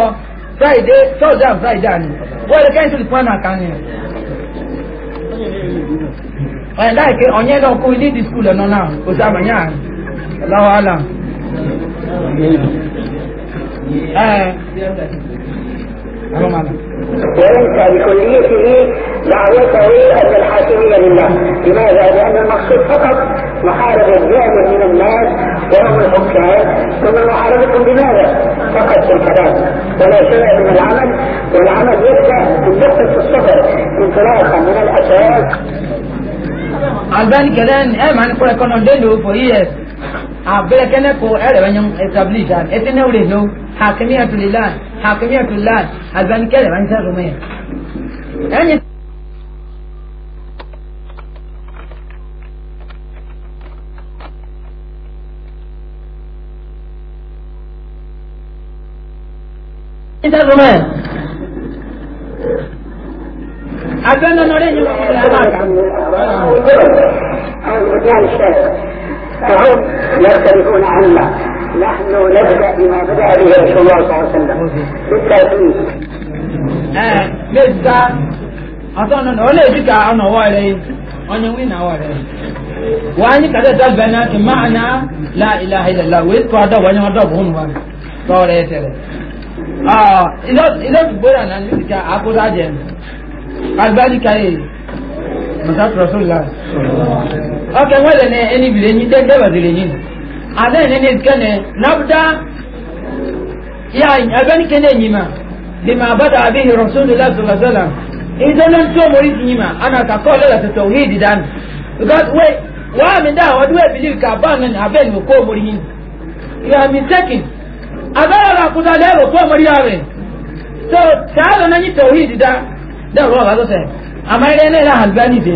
friday thursday and friday ani wọ́n lè kẹ́hìn tó lè fún àná kan ni ọ̀yẹ̀dá ìké ọ̀nyẹ́ اه وينسى بكليته دعوته ان الحاكميه لله، لماذا؟ لان المقصود فقط محاربه زيادة من الناس وهم الحكام ثم محاربتهم بماذا؟ فقط في الكلام ولا شيء من العمل والعمل يبدا بالدقه في الصفر انطلاقا من الاساس. Albani كلام eh, man, for a كنا for years abira kene ko ere banyan establish an ete ne ure no hakimiyatu lillah hakimiyatu lillah azan kele ban sa rume yani ita rume azan no re ni ba ka فهم يختلفون عنا نحن نبدأ بما بدأ به رسول الله صلى الله عليه وسلم بالتأكيد لسا أصلا أولئك كأنا وعلي أنا وين وعلي وأنا كذا تبنا معنى لا إله إلا الله وإذ قعد وأنا أضرب هم وأنا صار آه إذا إذا تبغى أنا نسيت أقول أجن قال بالي كاي مسافر رسول الله ok wele ne eni bile nyi den deba zile nyi ade ne ne kene nabda ya aben kene nyima lima bada bihi rasulullah sallallahu alaihi wasallam idan nan to mori nyima ana ka ko la ta tauhid dan god we wa mi da wa duwe believe ka ba nan aben mo ko mori hin ya mi taking agara ku da lero ko mori yawe so ta na nyi tauhid da da ro ga do se amai ne la halbani de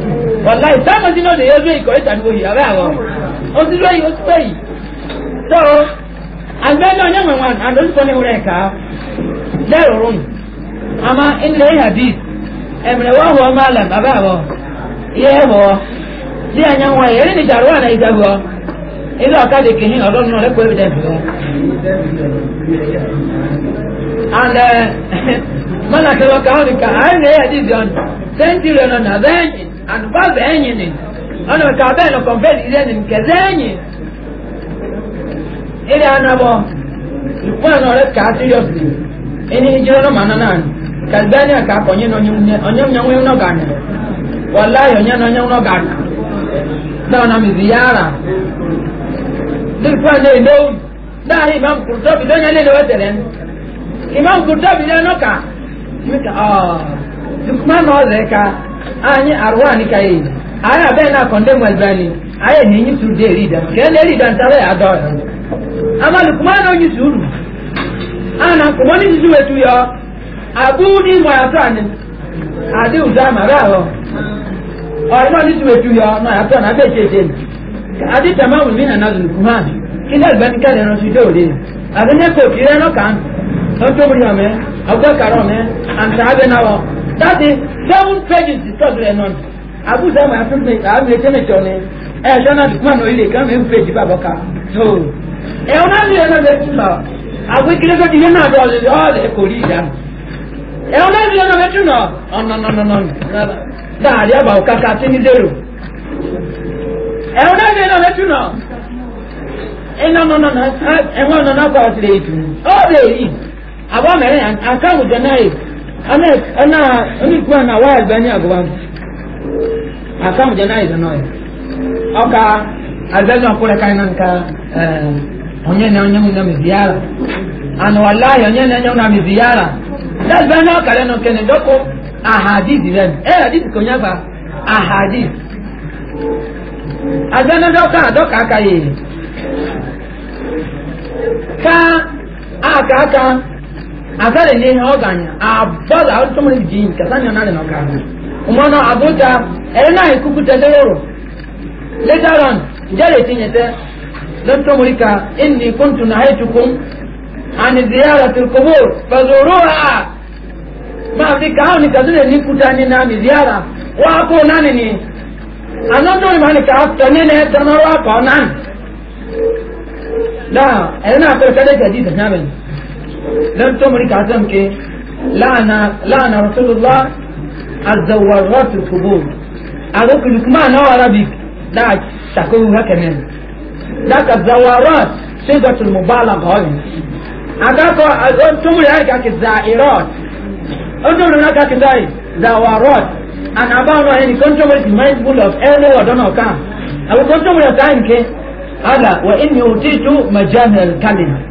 wàláì táwọn tí náà lè yẹ lóye ìkọ̀ ìtàn òyì àbẹ́ àwọn ó ti lóye ó ti pẹ́ yìí tó àgbẹ̀ náà ní àwọn àwọn àdójúkọ ní ìwúrẹ̀ ká lẹ́rù rún àmà ilẹ̀ ìhàdí ẹ̀mìrẹ̀ wọ́n wọ́n máa làm àbẹ́ àwọn yẹ wọ́ bí àyà wọn yẹ ní ìjà rúwà náà ìjàgbọ́ ilé ọ̀kadì kìíní ọ̀dọ́ nínú ọ̀lẹ́kọ̀ọ́ ẹ̀mí dẹ́bi wọn. and eh, mana kẹlọ kàwọn nìkan àárín ẹ̀yà dìbì ọ̀nà sẹ́ńtì rẹ̀ nà bẹ́ẹ̀ and ba bɛ enyi ni ɔna ka bɛ no convert ile ni nke ze enyi ile anabo lukman ɔrɛ ka seriously ɛni hijira no ma nana ka bɛ ni aka akɔnye na ɔnyɛ ɔnyɛ ɔnyɛ ɔnyɛ ɔnyɛ gana wallahi ɔnyɛ na ɔnyɛ ɔnyɛ gana na ɔna mi ziyara lukman ne no na ahi imam kurtobi dɔnya ne ne wɛtɛrɛ imam kurtobi ne no ka mi ka ɔɔ ah. lukman ɔrɛ ka anyi arwa ni kai aya be na konde mu albani aya ni nyi suru de rida ke le rida ntare ado ama lukman onyi suru ana kumoni jisu wetu yo abudi mwa atani ade uzama rawo ọ̀rọ̀ ní ti wetu yọ ọ̀nà àtọ̀ náà bẹ́ẹ̀ ṣe ṣe adé tàmáwù mí nàná zùn kùmá mi kí ní àgbẹ̀ nìkan lè rántí dé òde àbí ní ẹ̀kọ́ òkìrẹ́ náà kàn án tó ń tóbi yàn mẹ́ ọgbẹ́ kàrọ̀ mẹ́ àǹtà abẹ́ náà wọ̀ that is seven pages discussed with anon abu sama assessment abu ete mẹtọ ni ẹ ṣọnà dùkúmà náà ilé kan mẹ́rin page bá bọ́ka so ẹ wọn náà nílẹ̀ náà mẹ́tún lọ àwọn ìkíni tó ti yé náà dọ̀ ọ́ ọ́ kò rí ìdá ẹ wọn náà nọ náà nọ nọ. ọ̀nà dáàrí àbàwò kàkà sí ní zero ẹ wọn náà nílẹ̀ náà mẹ́tún lọ ẹ nọ nọ nọ ẹ wọn nọ náà kọ́ ọ̀sẹ̀ ètò ọ̀ lè rí àbọ̀ mẹ́rin àkàwùjọ náà ana ana onye kwa na wa albani agwa aka mu jana izo noy oka albazo ka na nka eh, onye na onye na miziara ana wallahi onye na eh, onye na miziara dalbani okale no kene doko ahadith then eh hadith konya ba ahadith adana doka doka aka yi ka aka aka asare ne ha oganya abala auto mri jin kasanya nale no kan umana abuta ena ikukuta lero later jere etinyete tinyete lanto mrika inni kuntu nahaytukum an ziyarati alqubur fazuruha ma fika ni kazile nikutani na ziara wako nani ni anando ni mahali ka nye afta nene tanara kwa nani na ena kwa kale kadida nyameni لم تملك عزمك لعن لعن رسول الله الزوارات القبور أقولك لكمان هو عربي لا تقول هكذا ذاك الزوارات صيغة المبالغة هذه أقولك أقول تملك هكذا الزائرات أنتم هناك كذا زوارات and about not any controversy mindful of any or don't come. Our controversy time ke Allah wa inni utitu majamil kalima.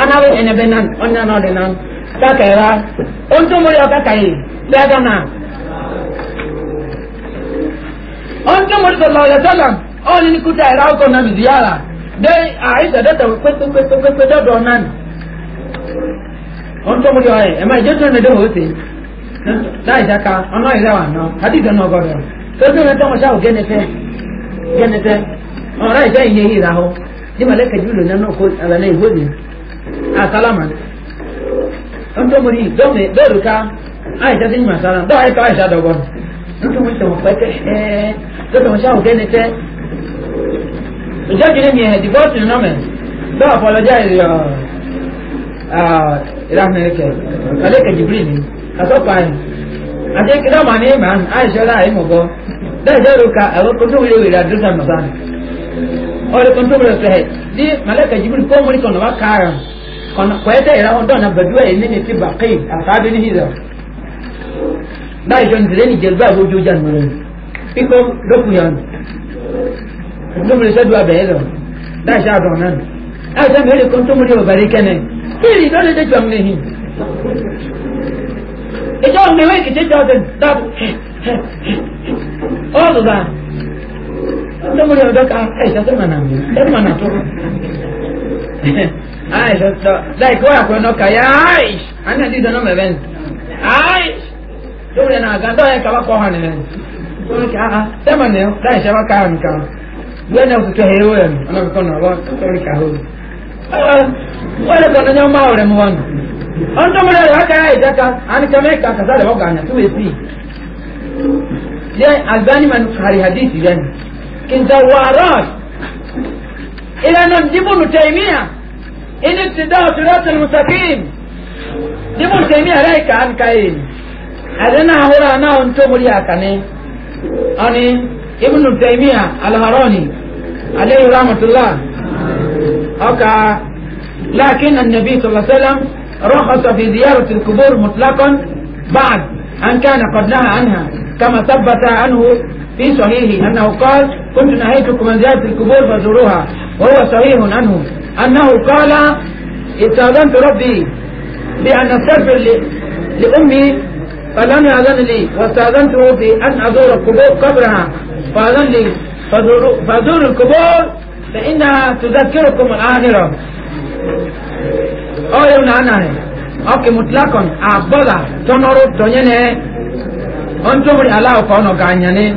anawe enebe nan onya no de nan takera ya mo yo kakai daga na onye mo sallallahu alaihi wasallam oni ni kuta era ko na ziyara dai aisha da ta kwete kwete kwete da ma wa na na ala asalama don dome doruka aisha ti ma sara dɔ ayi ka aisha dɔgɔ ntomori tɛ mo fɛ tɛ ɛɛ dɔ tɛ mo sa o kɛ ne tɛ ìjọ́jú ní mi ẹ̀ divorce nínú mẹ́ dọ́ àfọlọ́jà ìrọ̀ ìlànàkẹ̀ kàlẹ́kẹ̀ jìbìrì mi àsọ́pàá yìí àti kí dọ́mà ní ìmọ̀ àìsọ́lá àìmọ̀gọ́ dẹ́ẹ̀jẹ́ ro ka àwọn kótó wíwèé rẹ̀ àdúrà mọ̀sánì. ole controversy to hai di malaka jibril ko muri kono wakara kono kwete era ondo na badua ene ni ti baqi akabe ni hizo na ijo ndire ni jelba ho jojan mure piko doku yan ndo mure sa dua bezo da sha do nan a sa mere konto muri o barikene kiri dole de jwang ne hi ijo ne we ki te jodan da all of that Antamuri odoka Aisha sema na mimi. Sema na tu. Aisha so dai kwa kuondoka ya Aisha. Ana ndizo na mwen. Aisha. Tumle na gando yake kwa kwa hana nani. Kwa ah sema leo dai shaba kama kama. Wewe ukitoa hewe ana mkono wa kutoka huko. Ah wala kana nyama wale mwangu. Antamuri haka Aisha ka anikameka kasale waganya tuwe si. Je, azani man hari hadithi الزوارات إلى نجيب ابن تيمية إن ابتداء صراط المستقيم دي ابن تيمية رايك عن كاين أدنا هورا أنا أنتم لياكني أني ابن تيمية الهراني عليه رحمة الله أوكا لكن النبي صلى الله عليه وسلم رخص في زيارة القبور مطلقا بعد أن كان قد نهى عنها كما ثبت عنه في صحيحه أنه قال كنت نهيتكم أن زيارة القبور فزوروها وهو صحيح عنه أنه قال استأذنت ربي بأن أستغفر لأمي فلم يأذن لي واستأذنته بأن أزور القبور قبرها فأذن لي فزوروا القبور فإنها تذكركم الآخرة أو يوم عنها أوكي مطلقا أعبدا تنورو تنيني أنتم الألاو كونوا كعنيني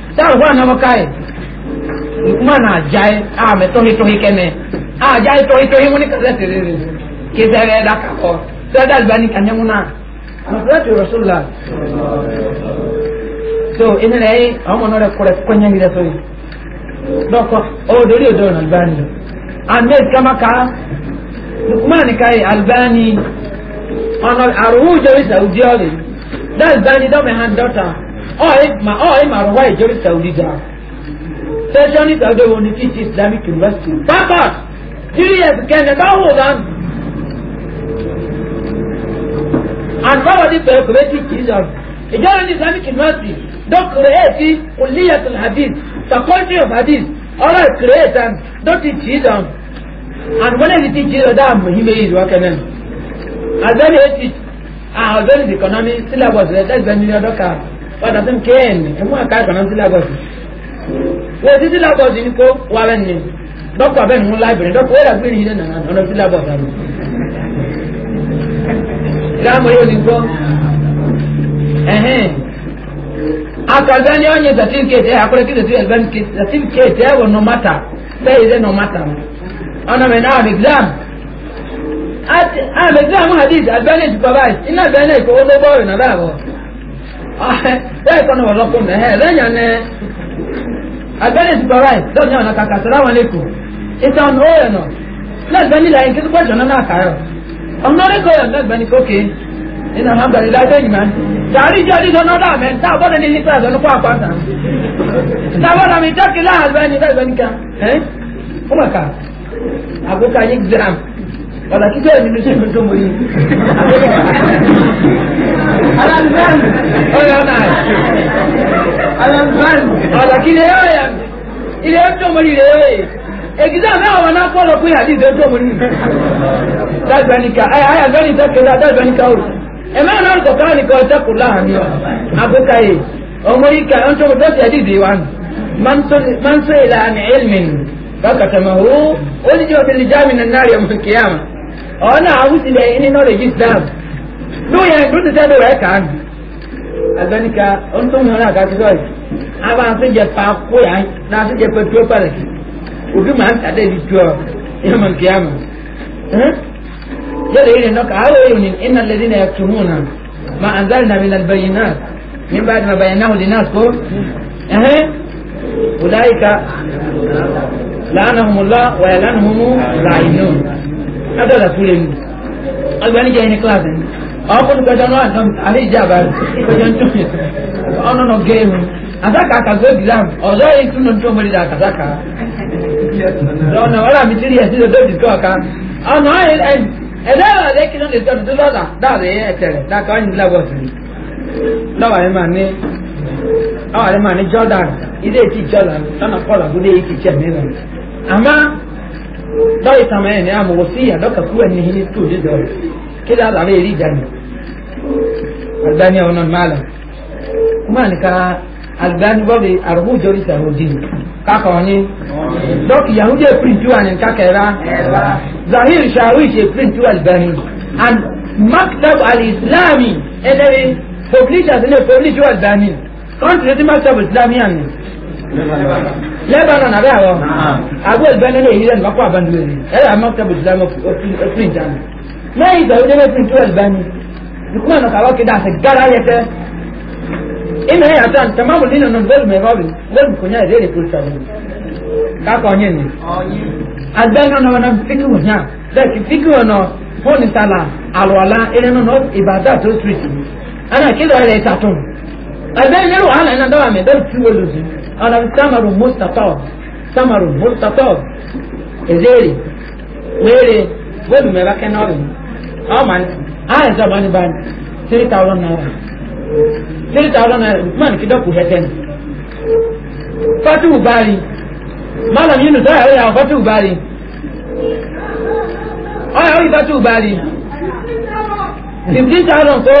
sáà wà náà jai, ẹ̀ mana àjà ẹ̀ àmì tóhitóhi kẹ́nẹ̀ àjà ẹ̀ tóhitóhi wọn ní kẹsẹ̀tì rẹ̀ rẹ̀ kẹsẹ̀rẹ̀ ẹ̀dá kakọ sẹ́dá àgbà ní kànyẹ́mú náà àmọ̀tẹ́lẹ́tì rọ̀ṣùlá so ẹni rẹ̀ ẹ̀ ọmọ náà rẹ̀ kọ̀rẹ̀ kọ́nyẹ́ ní rẹ̀ sọ́yìn dɔkɔ o dori o dɔn albani ahmed kama ka lukman ka ye albani ɔnɔ aruhu jɛbi saudi ɔli dɛ albani dɔ han dɔ ọ̀ọ́ ìmọ̀ àrọ̀wá ìjọ́rí saudi ga sẹ́sọ́nì saudi wo ni teach islamic university purpose three years kẹ́ndẹ̀ bá wò dán and báwo ni pẹ̀lú kò bẹ́ ti kì í sọ̀rọ̀ ìjọ́rí ní islamic university don create uliyatul hadith faculty of hadith ọ̀rọ̀ create and don ti kì í sọ̀rọ̀ and wọ́n lè ti ti kì í sọ̀rọ̀ dáa mọ̀ yí méjì wọ́n kẹ́ndẹ̀ àgbẹ̀ni ó ti àgbẹ̀ni ìkànnì sílábọ̀sì rẹ̀ tẹ́gbẹ̀ni ọdọ́ kan ọ̀dà tó ń ké ẹ̀ ní ẹ̀mú àká ìkànnà sí lagos wọ́n ti sí lagos ní kó wà bẹ́ẹ̀ ni dọ́kítọ̀ abẹ́ nínú láìbẹ̀rẹ̀ dọ́kítọ̀ wẹ́rẹ́ gbé nìyí nínú ọ̀nà sí lagos àná. ìdáhùn yóò ní gbọ́ ẹ̀hìn akadá ni ọ̀nyẹ certificate ẹ̀ akọ́lẹ́ kí certificate ẹ̀ wọ̀ no matter bẹ́ẹ̀ yẹ no matter ọ̀nà mẹ́ náà exam àmì exam hadith advantage provide iná advantage kò ó ló bọ́ọ̀rù náà báà bọ̀. ẹ ah, kọ́nà eh, wà lọ́kùn na ẹ lẹ́yìn àná abẹ́rẹ́ ìsìkọ́ráì lọ́dún yàrá kàkà sọ́ra wọn lẹ́kọ̀ọ́ ìtàn ọ̀nà òòyọ̀ náà lẹ́gbẹ̀ẹ́ nílà yín kí pẹ́jọ náà kàárọ̀ ọ̀nà oríkọ̀ọ́yọ̀ lẹ́gbẹ̀ẹ́ ní kókè nínú alhamdulilayi látẹ̀yìn máa tààrí ìjọ ìdíjọ náà dàmẹ́ tá a bọ́dọ̀ ní ní pẹ́ẹ́sì ọ̀nà kó àpáta tá a exam ọ̀nà kíkọ́ ẹ̀mí ṣe kó tó mọ yìí. alamzan ọ̀nà ọ̀nà alamzan ọ̀nà kílẹ̀ yóò yà ilé tó mọ yìí lè yẹ ègìdá náà wọn náà kọ́ lọ pé àdìsẹ́ tó mọ yìí. dágbàníkà ayà gbẹ́nìtà kẹlẹ́ dágbàníkà o ẹ̀mẹ́ náà kọ̀ọ̀kan nìkan ọ̀tẹ́kùn láàánú àbúkáyé ọmọ yìí kà ń tó mọ dọ́tí àdìsẹ́ wa nù. من سئل عن علم فكتمه ألجأ باللجام من النار يوم القيامة ọna awụsile ihe nọrọ gị zaa nụ ya ntụtụtabe wee ka ahụ agbanika ntụnhụrụ aka akụkọ ọhịa aba asị gị pa akwụ ya na asị gị pa tuo pala ụdị ma nta dị tuo ihe ma nke ya ma yada ihe nọ ka ha wee onye ịna nledị na ya tụmụ na ma azal na minal bayina min ba ma bayina hụ dinas ko ehe ụlaika la'anahumullah wa yalanahumu la'inun adọ́dà fúlẹ̀ mi agbanijẹ́ ẹni kíláàsì mi ọkọ ní pẹ̀jọ́ náà àdán alẹ́ ìjà àbáyé pẹ̀jọ́ ń tún ọ̀nà náà gé mu àtàkà àkàgbé exam ọ̀dọ́ yìí tún náà tún mọ́lẹ́dà àkàtàkà lọ́nà ọ̀là mi ti rí ẹ̀sìn lọ́dọ̀ ìdíkọ̀ ọ̀ka ọ̀nà ẹ̀dá ìrọ̀lẹ́ kí lọ́dọ̀ ìdíkọ̀ ọ̀dọ̀ lọ́dà dáàbẹ̀ ẹ̀tẹ̀rẹ̀ dáàkọ̀ ọ̀yìn lábọ̀ sí i lọ́wọ́ ẹ̀ máa ní ọ̀rẹ́ máa ní jordan ilé ìtì jordan lọ́nà kọ́lá bó lé ìkìtì ẹ̀mí rẹ̀ àmọ́ dɔw tama yɛ ne a mɔgɔ si yɛ dɔ ka ku ɛni hini tu de dɔ ye kele ala bɛ yiri jani alibani awo na maa la kuma ni ka alibani bɔ bi arabu jɔli sɛ o di k'a kɔn ye dɔw ki yahu de pirintu ani ka kɛra zahiri shahu se pirintu alibani and maktab alislami ɛnɛ bi publicers ne publicers alibani kɔntiri ti maktab alislami yanni. lebanon abẹ́ àwọ̀ àgbo ìbẹ́ni ní èyí lẹ́nu bá kó àbánu ẹ̀rọ amọ́tẹ́bù ìsìlámù òfin ìjánu lẹ́yìn ìgbà òde mẹ́tìrì tó ẹ̀lbẹ́ni ìkúmọ̀ nà kàwọ́ kéde àti gára yẹtẹ́ inú ẹ̀yà tán tẹ̀máàmù nínú nù lórí mẹ́rọ́ọ̀rì lórí kò ní ẹ̀rẹ́ èrè kúrò sàlẹ̀ kákọ̀ ọ̀yẹ́ ni àgbẹ̀ náà náà fíkì ọ̀nà samaru mustatọ samaru mustatọ ezeri wéere wéèmù mẹ́ba kẹ́nọ́ọ̀rì ọ̀ma ayé sọ̀rọ̀ ní bá three thousand naira three thousand naira man kí dọ́kù hẹ́tẹ́n fatihu baari malam yinu sọ̀rọ̀ ẹ̀rọ yàwó fatihu baari ọ̀yà ọ̀yì fatihu baari fifteen thousand kó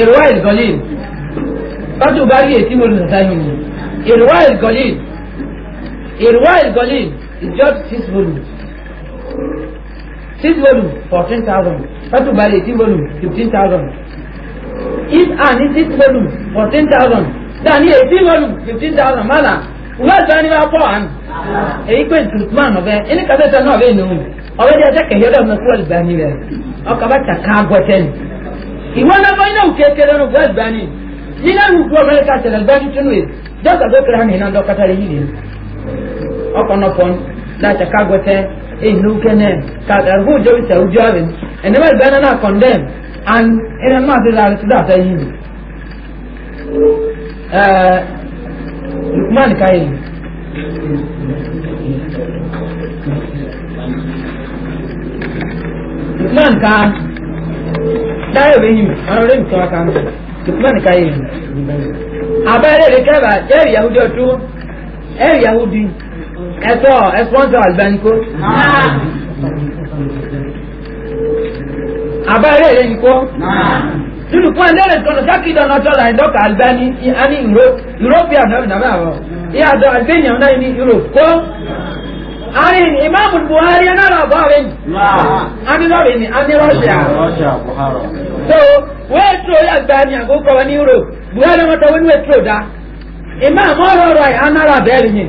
ìrọ̀wá ìdọ̀lì bátú bá rí èsì mo lè sọ sáyé mi ìrùwá ìgọ̀lì ìrùwá ìgọ̀lì is just six volume, six volumes fourteen thousand bátú bá rí èsì volumes fifteen thousand if and if six volumes fourteen thousand dan ní volume volumes fifteen thousand mọ́là wọ́n sọ ní bá pọ̀ hàn èyí pé tùtùmán ọ̀bẹ ẹni kàtẹ́sẹ̀ náà ọ̀bẹ nìyẹn ọ̀bẹ jẹ́ ẹsẹ̀ kẹ̀yẹ́ dọ̀ mọ́ kúrò ìgbà nílẹ̀ ọkọ̀ bá kàkà gbọ́tẹ́ni ìwọ náà bọ́ iná òkè kéré nù gbọ́ ìgbà yina lu bo mele ka tele ba ni tunu da ka do kra hina do katare yini o ko no pon la ta ka gote e nu kene ka dar hu a ta u javen and never been na condemn and in a matter that is that yini eh lukman kai lukman ka dayo be yimi ara re mi ka kan tukman ka yi abẹ́rẹ́ rẹ̀ kẹ́bà ẹ̀rì yahudi ọ̀tún ẹ̀rì yahudi ẹ̀tọ́ ẹ̀spọ́nsọ̀ albaniko abẹ́rẹ́ rẹ̀ nìkó tinu kwan lẹ́rẹ̀ tọ́nà sákì dọ́nà tọ́lá ẹ̀dọ́kà albani ani european náà nàbẹ́ àwọ̀ ìyá àdọ́ albania náà ní europe kó arin imam buhari yana labarin an lori ni an russia so wetro ya gbani agogo wani euro buhari wata wani wetro da imam ọrọ ọrọ ya anara bẹẹri ni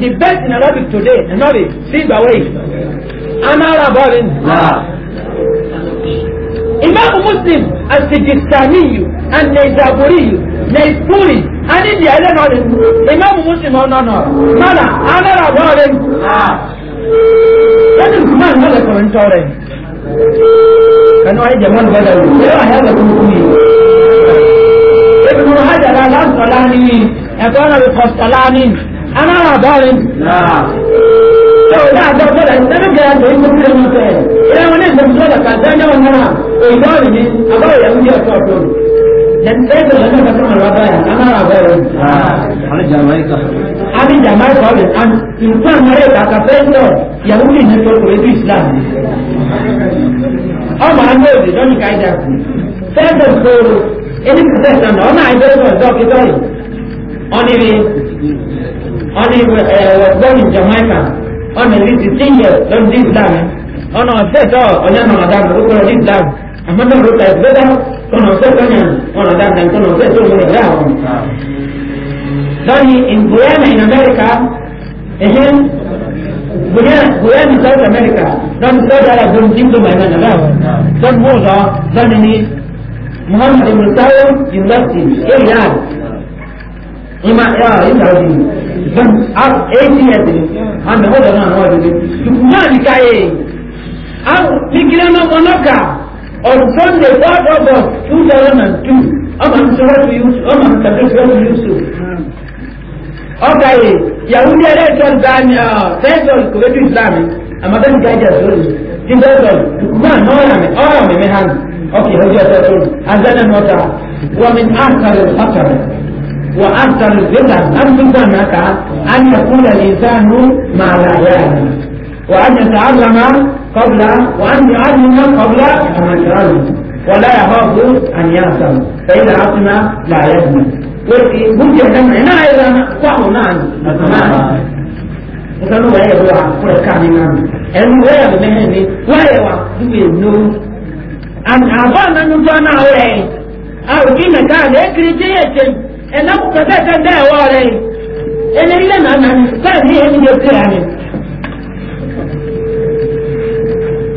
the best in arabic today nọri see by way anara bọrin imam muslim asijistaniyu and naisaburiyu naipuri ani di ɛlɛ n'ɔlɛ nu imam muslim ɔnɔnɔ mana anara bɔ ɔlɛ nu ɛni kuma n'ɔlɛ kɔrɔ ntɔrɛ kanu ayi jama nu bɛlɛ o yɛ wa yɛ lɛ kumukumi ebi mu hajj ala ala sɔla ni ɛfɛ ɔna bi kɔ sɔla ni anara bɔ ɔlɛ nu tó o náà dɔ bɔlɛ sɛbi gɛrɛ tó ikú tẹ mu fɛ ɛlɛ wọn ní ìdókòtò la ka sɛ ɛnyɛ wọn nana o ìdɔwɔli ni a b'o yɛ wuli ɛfɛ ɔtɔ. tẹ́tẹ́ lọ́jọ́ kẹtọ́ mọ̀ lọ́dọ̀ yà ká máa bẹ̀rẹ̀ rẹ̀. àbí jamaika. àbí jamaika ọ̀rẹ́ and nǹkan mẹ́rẹ̀ kàkà fẹ́ntọ̀ yàwó lè ní tó kòrè bí islam. ọmọ àgbẹ̀ òde lọ́nù káyidà kù fẹ́ntọ̀ kóró ẹni kìtẹ́ sàn náà ọ̀nà àìjẹ́ ìwọ̀n ọ̀dọ́ kìtọ́ yìí. ọ̀nìrì ọ̀nìrì ẹ̀wọ̀gbọ́nì jamaika ọ̀nìrì ti tíyẹ̀ lọ́dún islam ọ̀nà ọ̀sẹ̀ tọ́ ọ̀nyánà ọ̀dà àmọ́ kono se konya kono dandan kono se to mo da ho dani in guyana in america ehin guyana guyana south america dan saudi arabia don jimdo mai mana da ho dan moza dan ni muhammad ibn tayyib university iran ima ya ina hadi dan ar ats an da hoda na hoda ni kuma ni kai an ni kilama onoka On Sunday, what about 2002? Ọmọ Sọ́rọ́tù Yusuf, ọmọ Sọ́rọ́tù Yusuf. Ọkà yìí, Yahudi ẹlẹ́tọ̀ọ́ Zania, Tẹ́sọ̀lù kò lójú Ìsìlámì, Amadan Gaja Sọ́rọ̀, Tẹ́sọ̀lù, Dùkúmán Nọ́ọ̀rà mi, ọ̀rọ̀ mi mi hàn. Ọkì ọjọ́ ọjọ́ sọ́rọ̀, Azana Mọ́ta, wọ́n mi àkàrẹ̀ ọ̀kàrẹ̀. وأكثر الفتن أن تكون هناك أن يكون الإنسان ما لا يعلم وأن يتعلم قبل وأن يعلم قبل أن يعلم ولا يخاف أن يهتم فإذا عصم لا يهتم وجه دمع نعم فهم نعم نعم وكانوا ويا بوا ولا كان نعم أنا ويا بمهني ويا ويا نو أن أبانا نجانا ويا أو كنا كان يكريتي أنا مكتبة دعوة ويا أنا إلا أنا كان من يكريتي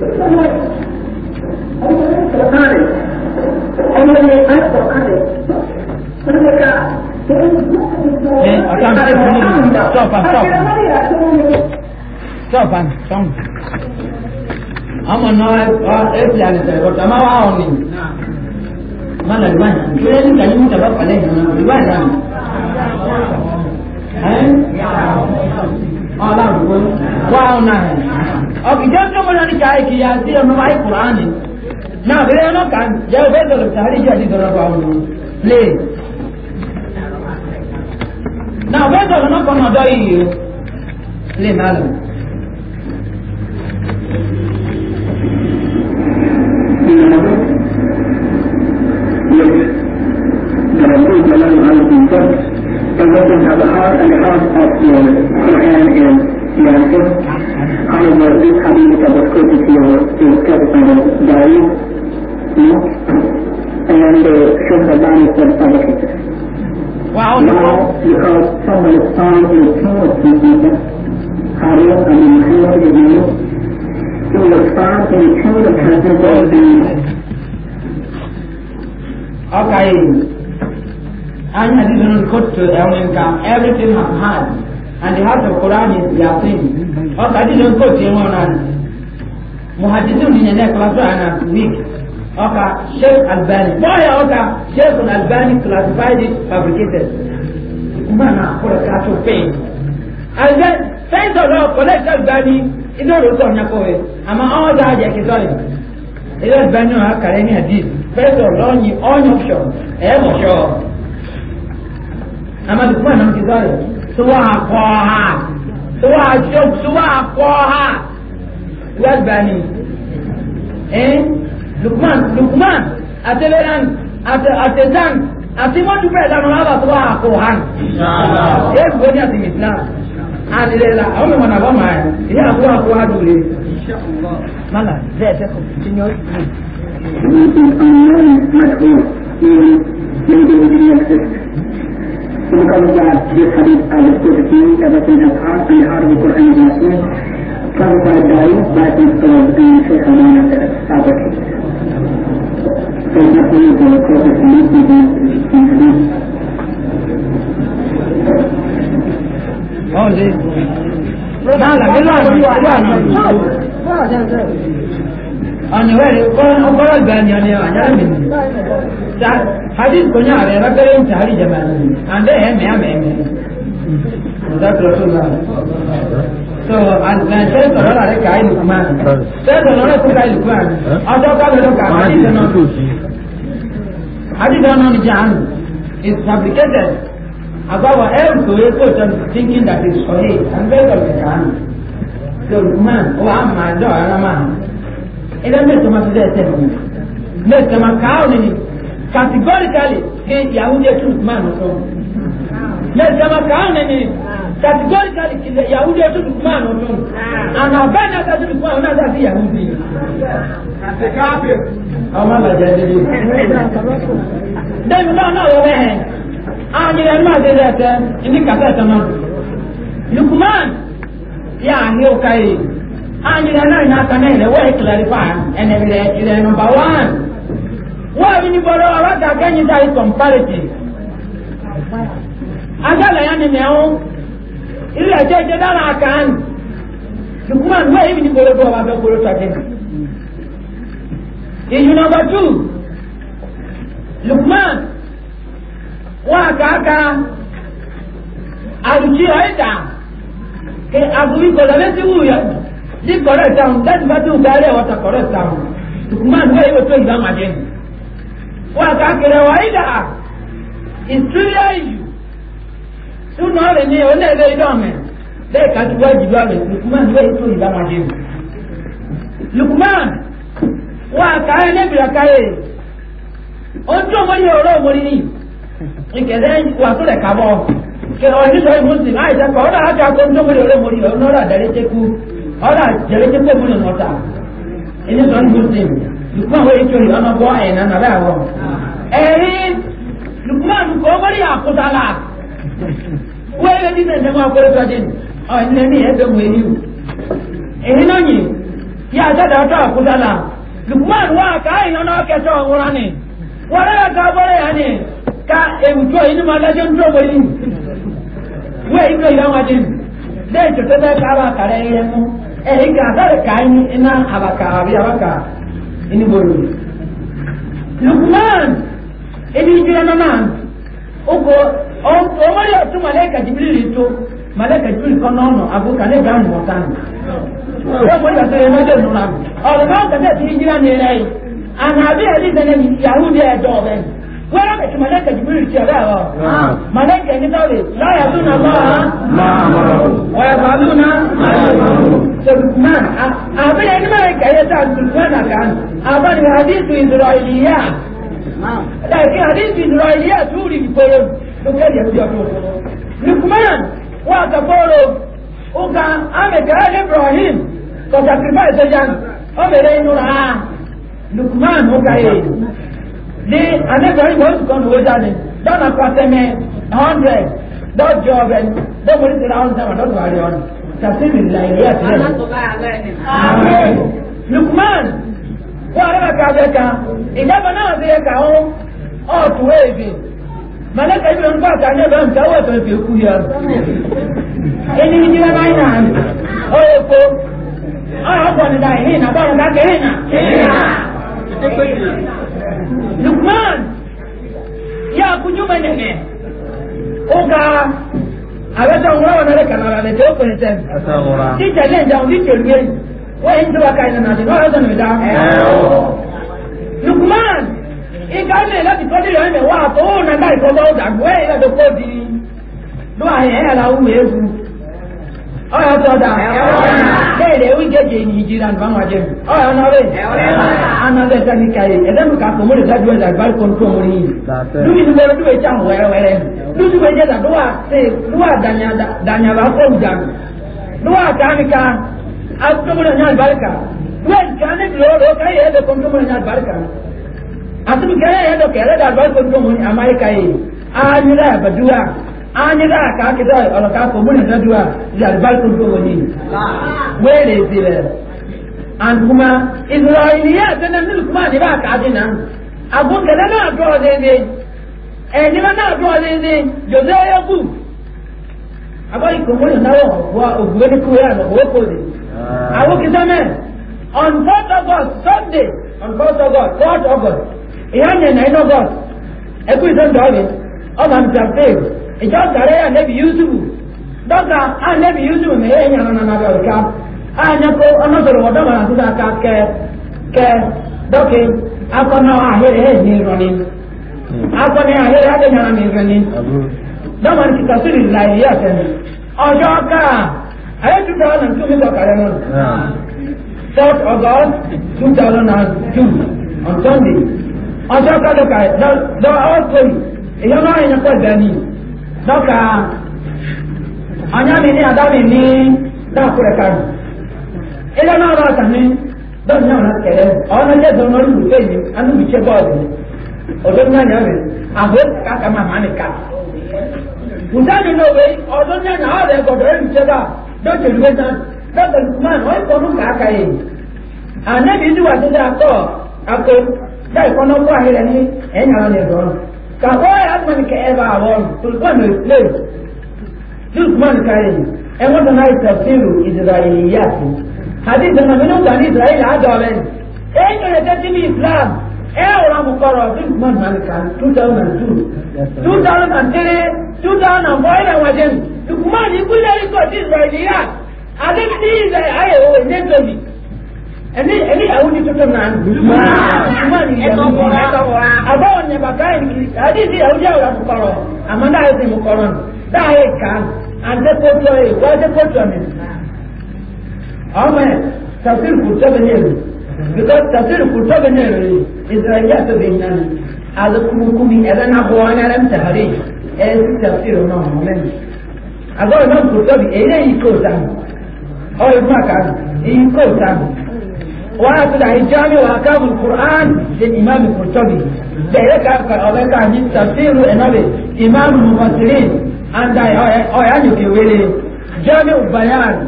Qur'ani onları ayet Qur'ani mereka Eh, akan stop, stop. Stop, stop. Ama no es es la necesidad, porque ama va a unir. Mana riwaya. Kira ni kaji muta bapa leh, riwaya sama. Eh? Alam, wa unah. अब इधर तो मनानी चाहे कि यादी और हमारे कुरान है ना फिर ना कान जय वे तो सारी जाती तो रहा हूँ ले ना वे तो ना कौन अदाई ले मालूम everything has had, and the heart of Quran is their thing. Or I didn't go to anyone and Muhadithun in the next class and week. Okay, Sheikh Albani. Boy, okay, Sheikh Albani classified it fabricated. Mana, for a catch of pain. And then, thanks a lot, collect Albani, it's not a son of it. I'm all that I can tell you. Ilé ìgbẹ́nu àkàrẹ́ ní àdìs, fẹ́sọ̀ lọ́yìn ọ́yìn ọ̀ṣọ́, amma duk wannan muke zuwa suwa koha suwa shok suwa koha wal bani eh lukman lukman ateleran at atezan ati mo dupe la no aba suwa koha inshallah eh goni ati islam alilela au mi mwana boma ya kuwa kuwa mala उनका विचार ये खरीद का लिप्त रखेंगे अगर कोई नफा अंधार भी कुरान मसूद सब बादारी बातचीत करोगे से हमारा स्वागत है Anyway, kau kau dah ni ni ni ni. hadith ko nyaare ragare nta hari jamani ande hemme ya meme that rasulullah so and then say to her like kai lukman say to her like kai lukman ajo ka lo ka hadith no hadith no jahan is fabricated about else to it person thinking that it's sahih and very of so lukman o amma do ara ma ila me to ma se te me ni categorically ke yahudiya tu usman so lazima kaane ni categorically kile yahudiya tu usman so anapenda kazi kwa unaza si yahudi atakape ama la jadili dem no no wewe ani ya ma de rete ndi kata tama lukman ya hiyo kai ani na na kana ile wewe clarify ene ile ile number 1 wọ́n mi ní bọ́lá ọlọ́dà gẹ́yìn dá ikọ̀ mpárìtì. Agálẹ̀ yẹn ni mẹ́wọ́ ilé ẹ̀jẹ̀ ẹ̀jẹ̀ dára àkàn. Lukman wọ́n èyí ní bọ́lá bọ́lá bẹ́ẹ̀ kúrò tọ́jú. Ìyún nọmba tù Lukman wọ́n àkàkà àlùjí ọ̀ẹ́dà kí àbúrò ìkọ̀lọ́ létí wù yọ ní kọ̀rọ̀ ìtàn lẹ́nu bá dùn kárí ẹ̀wọ̀ta kọ̀rọ̀ ìtàn Lukman wọ́n èyí wọ́n tó ìgbà màdé nù. wakakere waida istuya iyu suna ore ni one ebe ile ome bẹẹ kati wájú lọ rẹ lukuman bẹẹ tó ìgbà máa dé mu lukuman wà káyé nébìrà káyé ó ń tó mọ́lẹ́ ọ̀rọ̀ òmòrí ni ìkẹ̀lẹ́ wà tó rẹ̀ kábọ̀ kẹ̀lẹ́ wà nítorí ìmúsìn àìsàn kan ọ̀rọ̀ àti àkọ́ ń tó mọ́lẹ́ lukman wo ekyori ɔnɔ bɔ ɛyɛ nana bɛ awɔ ɛyin lukman kɔkɔri akutala wo di nana mu akɔri tɔ den ɔ nani eyi o akutala wa ka ayi ɔwura ni ka ni ka ni ma ntɔ lɛ kari ɛyɛ mu ka a ka ina ka ini bolu lukman ebi jira nana oko omori otu malaika jibril to malaika jibril kan n'ọnọ ago kan ebe ahụ ọta nụ ẹ mọ ìgbà tó yẹ mọjọ nù nà ọrọ náà kẹsẹ ti jira ní rẹ yìí àmà àbí ẹbí sẹlẹ ní yahoo bí ẹ dọ ọbẹ wẹ́rẹ́ bẹ̀tù malaika jibril ti ọ̀rẹ́ ọ̀ malaika ẹni tọ́lẹ̀ láyà tó nà lọ́wọ́ ọ̀yà bàálù na سلمان أبن إنما يكيت عن سلمان كان أبن حديث إسرائيليات لكن حديث إسرائيليات سوري بقولون لكن يهودي أقول لقمان وأتقولوا وكان أمك آل إبراهيم قد أكرفاء سجان أمرين نرعا لقمان وكاين لي أنا إبراهيم هو سكون هو جاني دون أقوى سمي 100 دون جوابين دون مريد العالم دون مريد العالم tafsir ìlàyé àti ẹ̀ Lukman wọ́n arẹ́bà ká bẹ́ẹ̀ kan ìjábọ̀ náà ti yẹ ká ó ọ̀tún wéèbì mọ̀lẹ́kà ibi ń pàtà ní ẹ̀bẹ̀ ń káwọ́ ẹ̀fẹ̀ fi kú ya ẹni ní jíra báyìí náà ó yẹ kó ọ̀rọ̀ ọ̀pọ̀ nígbà ìhìn náà bọ́ọ̀rọ̀ ká kẹrin náà. Lukman yà kújú mẹ́nẹ̀ẹ́ ó ga àwẹsẹ òwúrọ̀ wọn lẹkẹ o lẹ tí ó pèsè sẹ. tíjà lè jẹun bí tèlú yẹn wọ́n yẹn ń tẹ́wọ́ ká ẹ̀nà àti bọ́ọ̀rọ̀ sọ̀nù ìdá. lukman ìka ń lè láti wa ìyọ̀ o wá àtọ́wọ́ nàgbà ìfọ́gbọ́ ọ̀dà gbọ́ ẹ̀ lọ́dọ̀ pọ̀ di ọyọ tó da kéèlè ewu jẹjẹ ní ìjìlá nípa wọn jẹ ọyọ nọrẹ anọdẹ sani kàyé ẹdẹnu kà fún mọdé dájú ẹdá gbárí kan tó wọn yìí lùmí ní mẹrin lùmí ìjà wẹrẹ wẹrẹ lùmí ìwé jẹ dàdúwà ṣe lùwà dànyàlá fọwù dànù lùwà kàmíkà àtúntòmọdé ní àlùbáríkà wẹ́n kàní lọ́rọ̀ káyé ẹ̀dẹ̀ kan tó wọn ní àlùbáríkà àtúntòmọdé kẹrẹ ẹ̀dọ̀ kẹrẹ dàgbárí kan tó wọn ní àmáríkà yìí anyị ga ka akịta ọlọka afọ mụ na ndadu a ji alibarika oge owo n'ihi wee lezire and kuma izụrụ ọyịnị ya ete na mmiri kuma adịba aka adị na abụ nkele na-abụ ọdịdị enyere na-abụ ọdịdị jose ya bụ agbaghị ka omori na wa ogwe n'ikwu ya na owe kodi ahụ on 4th august sunday on 4th august 4th august ihe anya na 9 august ekwu izo ndọrị ọ na mtafee ìjọ gàrẹ́ ànẹ́bí yusufu dọ́kà ànẹ́bí yusufu mi yẹ ẹ̀yàn nana bẹ̀ ọ̀ká ànyẹ́kọ́ ọ̀nọ́sọ̀rọ̀ wọ́n dọ́mọ̀ àti sàkà kẹ kẹ dọ́kì akọ́nà àhẹ́rẹ́ ẹ̀ ní ìrọ̀ni akọ́nà àhẹ́rẹ́ ẹ̀ nyàrá mi ìrọ̀ni dọ́mọ̀ ní kìkà sórí ìlà yìí ẹ̀fẹ̀ mi ọjọ́ ká ayé two thousand two mi kọ̀ kàrẹ́ mọ́ third august two thousand two on sunday ọjọ́ ká lọ́kà dọ́ ọ́ sórí èyí ọlọ́run yẹn kọ́ ìgbà nìyí dɔka anyami ni adami ni daakurɛ kari ilé náà bá sami dɔn náà na kɛlɛ ɔwɔ na jɛ dɔn n'olu wuli eyi anu bi tse bɔɔlu ɔdɔ náà nyɛ mi àbò kaka mama ni ka musani n'o bɛ ɔdɔ náà na ɔyɛ gɔdɔ eyi tse ba dɔ tse lu bɛ na dɔ tse lu man ɔyɛ kɔnu kaka yi anabi ni wa ti da akɔ akɔ da ikɔnɔ kɔ ayi la ni ɛnyɛ ɔyɛ dɔn kakɔɛ agbani kɛ ɛba awɔn tulukɔni plɛn eh, tulukɔni kari ɛwɔn nana isafiru israeli yaasi hadi dama minnu ka ni israeli adɔlɛn ee nyɔnyɛ tɛ tibi islam ee eh, wura mu kɔrɔ tulukɔni mali kan two thousand and two two thousand and three two thousand and four ɛna eh, wajen tukumani kulɛri kɔ ti israeli ya ale ti o oh, ne tobi ẹni ẹni àwọn ní tuntun náà àbáwọn ní bàbá yẹn kì í àdìsí àwọn yàrá kọrọ àmọ náà yẹ fi mu kọrọ nù dáa yẹ kàn àǹtẹ kótó yẹ wọ́n ṣe kótó mi. ọmọ ẹ tafsir kùtọ́ bẹ ní èrè because tafsir kùtọ́ bẹ ní èrè israẹli àti bẹ nínú ẹni alukumukumi ẹbẹ náà bọ wọn ẹrẹ ntahari ẹ ti tafsir náà mọ mẹni. àbáwọn náà kùtọ́ وفي العجام وأحكام القرآن للإمام القرطبي ذلك أبقى عن تفسير النبي إمام المفسرين عند في ويلي جامع بيان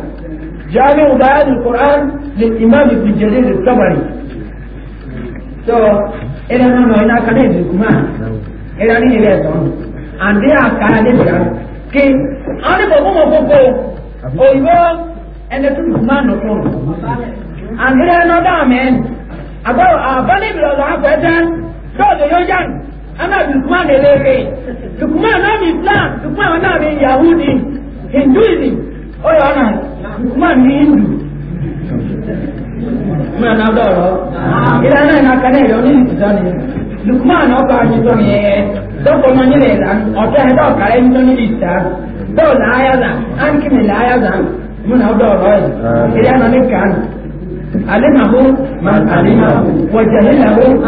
جامع بيان القرآن للإمام ابن جرير الطبري so إلى ما هنا كان يدركما إلى أن يلاتون عندي أكاد يبقى كي أنا بقوم أو يبقى أنا تدركما نقوم and ilẹ̀ another ọ̀dọ́ àmì àgbọ̀ àbálẹ̀bì ọ̀dọ̀ àpẹẹtẹ lọ́ọ̀dọ̀ yóò yàn ana lukman eléré eh? lukman náà mi islam lukman náà mi yahudi hinduism ó yọ ọ̀nà lukman náà dọ̀rọ̀ náà náà yọ ní ni náà àyè tó dọ́kọ̀ náà nílẹ̀ ẹ̀ ní علمه من علمه وجهله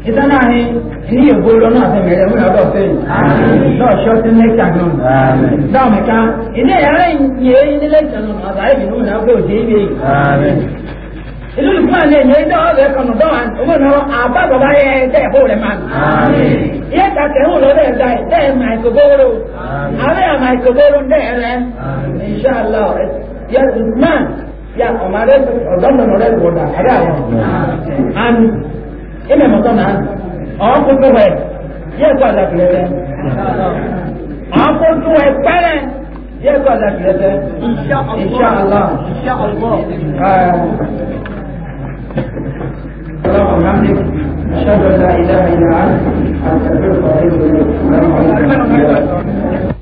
ita na ni ni ebo lọ náà fẹmi rẹ múlẹ ọdọ fẹmi náà ṣọọṣì lẹkìtà náà náà mẹka ilé yàrá yẹ ilé lẹkìtà náà àtà ẹbí ní múlẹ ọgbẹ òjì ibi yìí. ìlú ìlú àná ẹ̀yẹ ẹ̀dá ọ̀bẹ kànú dọ́wà ọmọ náà àbá bàbá yẹ ẹ̀dá ẹ̀bọ̀ rẹ̀ máa. iye kàkẹ́ Inshallah. lọ man. ẹ̀dá ẹ̀ màìkòbóró àbẹ́ yà màìkòbóró dẹ́ẹ̀rẹ́ inṣàlá yẹ ọmọ rẹ ọ̀dọ́ ilẹ̀ mọ̀tọ́ náà ọ̀hún kó tó wẹ̀ yẹ kó àdàkùlẹ̀ tẹ ọ̀hún kó tó wẹ̀ pẹ́rẹ́ yẹ kó àdàkùlẹ̀ tẹ ìṣá ọlọ́ ìṣá ọlọ́ اللهم وبحمدك اشهد ان لا اله الا انت استغفرك واتوب اليك